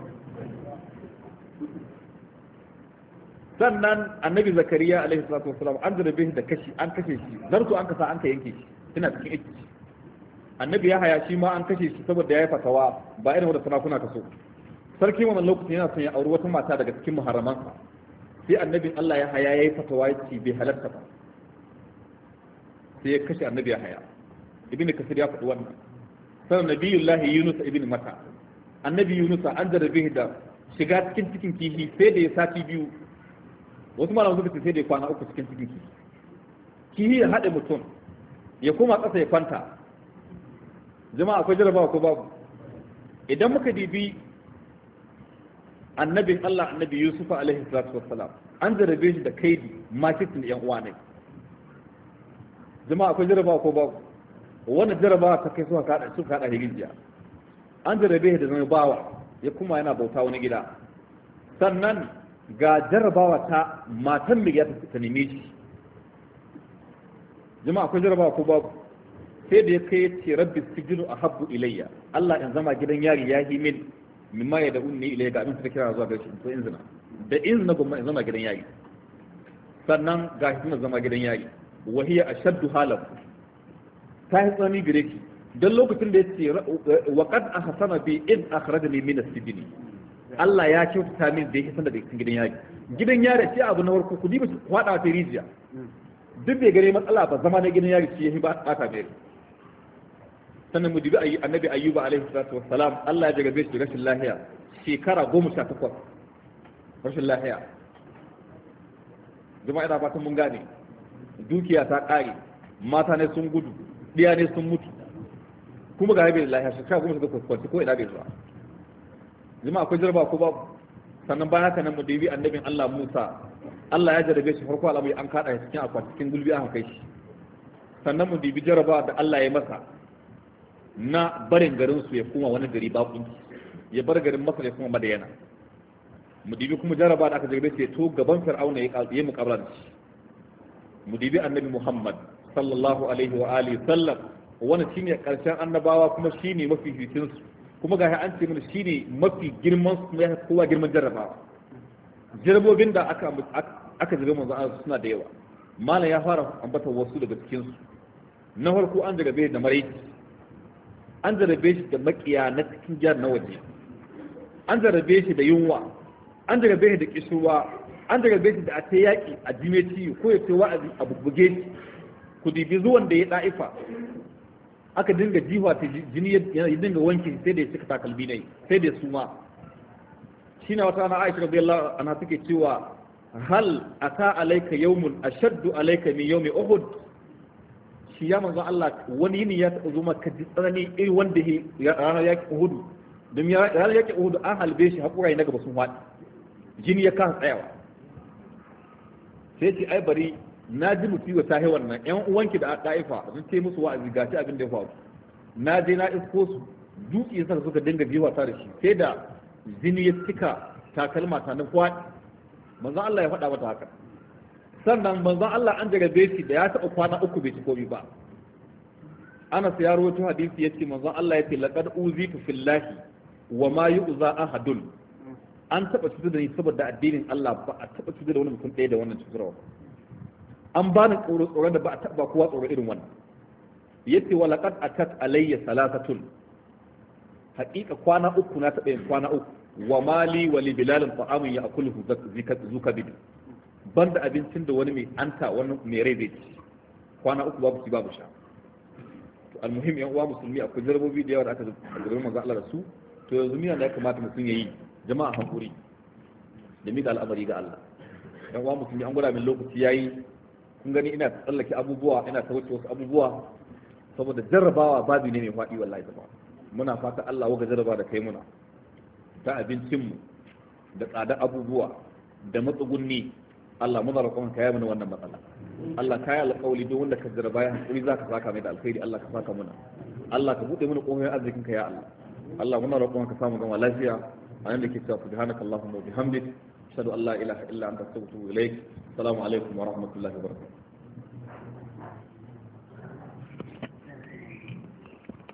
sannan annabi zakariya alaihi salatu wasalam an zarabe shi da kashi an kashe shi zarto an kasa an ka yanke shi ina cikin aiki. annabi ya haya shi ma an kashe shi saboda ya yi fatawa ba irin wanda sarakuna ka so sarki wannan lokacin yana son ya auri wata mata daga cikin muharramansa sai annabin Allah ya haya ya yi fatawa ce bai halarta ba sai ya kashe annabi ya haya ibn kasir ya faɗi wannan sanar nabiyullahi yunus ibn mata annabi yunus an zarabe da shiga cikin cikin kifi sai da ya sati biyu wasu malamu suka ce sai da kwana uku cikin cikin Ki yi ya haɗe mutum ya koma ƙasa ya kwanta jama'a akwai jarabawa ko babu idan muka dibi annabin Allah annabi Yusuf alaihi salatu wassalam an jarabe shi da kaidi makitin ƴan uwa ne jama'a akwai jarabawa ko babu wannan jarabawa ta kai suka kada suka kada rigiya an jarabe shi da zama bawa ya kuma yana bauta wani gida sannan ga jarabawa ta matan mai ya ta neme shi jama'a akwai jarabawa ko babu sai da ya kai ya ce rabbi jinu a habbu ilayya Allah in zama gidan yari ya yi min min ma ya da unni ilayya ga abin da kira zuwa gaishe to in zina da in zina gumma in zama gidan yari sannan ga hikimar zama gidan yari wahiya ashaddu halaf ta yi tsanani gare ki don lokacin da ya ce wa qad ahsana bi id akhrajani min as-sijni Allah ya kyautata min da yake sanda da gidan yari gidan yari ce abu na warko ku dibi ku hada ta rijiya duk bai gare matsala ba zama na gidan yari ce ba ta bai sannan mu dibi annabi ayyuba alaihi salatu wassalam Allah ya bai shi da rashin lahiya shekara goma sha rashin lahiya jama'a ina fatan mun gane dukiya ta kare. mata ne sun gudu diya ne sun mutu kuma ga bai lahiya shekara goma sha ko ina bai zuwa jama'a akwai jarba ko babu sannan bayan haka nan mu dubi annabin Allah Musa Allah ya jarabe shi farko al'amari an kada shi cikin akwati cikin gulbi aka kai shi sannan mu dubi jaraba da Allah ya masa na barin garin su ya koma wani gari ba kun ya bar garin masa ya kuma Madayana mu dubi kuma jaraba da aka jarabe shi to gaban Fir'auna ya kalbi mu kabran shi mu dubi annabi Muhammad sallallahu alaihi wa alihi sallam wani shine karshen annabawa kuma shine mafi hitin su kuma ga an ce mana shine mafi girman kuma ya kowa girman jarrabawa jarrabobin da aka aka zabe manzo Allah suna da yawa malam ya fara ambata wasu daga cikin su na farko an jarrabe da Maraiki, an jarrabe shi da makiya na cikin jihar na waje an jarrabe shi da yunwa an jarrabe shi da kishirwa an jarrabe shi da a ta yaƙi a jimeci ko ya ce wa'azi a bubbuge shi ku dibi zuwan da ya ɗa'ifa aka dinga jiwa ta jini ya dinga wanki sai da ya cika takalbi ne sai da suma na wata ana Aisha radiyallahu ana suke cewa hal ata alayka yawmun ashaddu alayka min yawmi uhud shi ya manzo Allah wani yini ya taɓa zuma ka ji tsanani irin wanda ranar yaƙi Uhudu don ranar yaƙi Uhudu an halbe shi haƙura na gaba sun faɗi jini ya kan tsayawa sai ce ai bari na ji musiba ta hewar nan yan uwanki da ɗaifa sun ce musu wa'azi gashi abin da ya faru na je na isko su duk yasa suka dinga jiwa wasa da shi sai da jini ya cika takalma ta na kwaɗi manzon Allah ya faɗa mata haka sannan manzon Allah an jarabe shi da ya taɓa kwana uku bai ci komi ba ana ya rawaito hadisi yace manzon Allah yace laqad uzitu fillahi wa ma yu'za ahadun an taɓa cutar da ni saboda addinin Allah ba a taɓa cutar da wani mutum ɗaya da wannan cutarwa an bani tsoro tsoron da ba a taba kowa tsoro irin wannan yace wa laqad atat alayya salasatun haqiqa kwana uku na taba yin kwana uku wa mali wa li bilal ta'am ya'kuluhu zukabid banda abincin da wani mai anta wani mai rai zai ci kwana uku babu ci babu sha to almuhim yan uwa musulmi akwai jarabobi da yawa da aka gurbin manzo Allah da su to yanzu miya da ya kamata mutum yayi jama'a hankuri da mika al'amari ga Allah yan uwa musulmi an gwada min lokaci yayi kun gani ina tsallake abubuwa ina ta wasu abubuwa saboda jarrabawa babu ne mai faɗi wallahi zama muna fata Allah waga jarraba da kai muna ta abincinmu da tsada abubuwa da matsugunni Allah muna roƙon ka yi mana wannan matsala Allah ka yi alƙawli don wanda ka jarraba ya hakuri za ka saka mai da alkhairi Allah ka saka muna Allah ka buɗe mana ƙofofin arzikin ka ya Allah Allah muna roƙon ka samu gama lafiya a nan da ke cewa subhanakallahumma wa bihamdika أشهد أن لا إله إلا أنت أستغفرك إليك السلام عليكم ورحمة الله وبركاته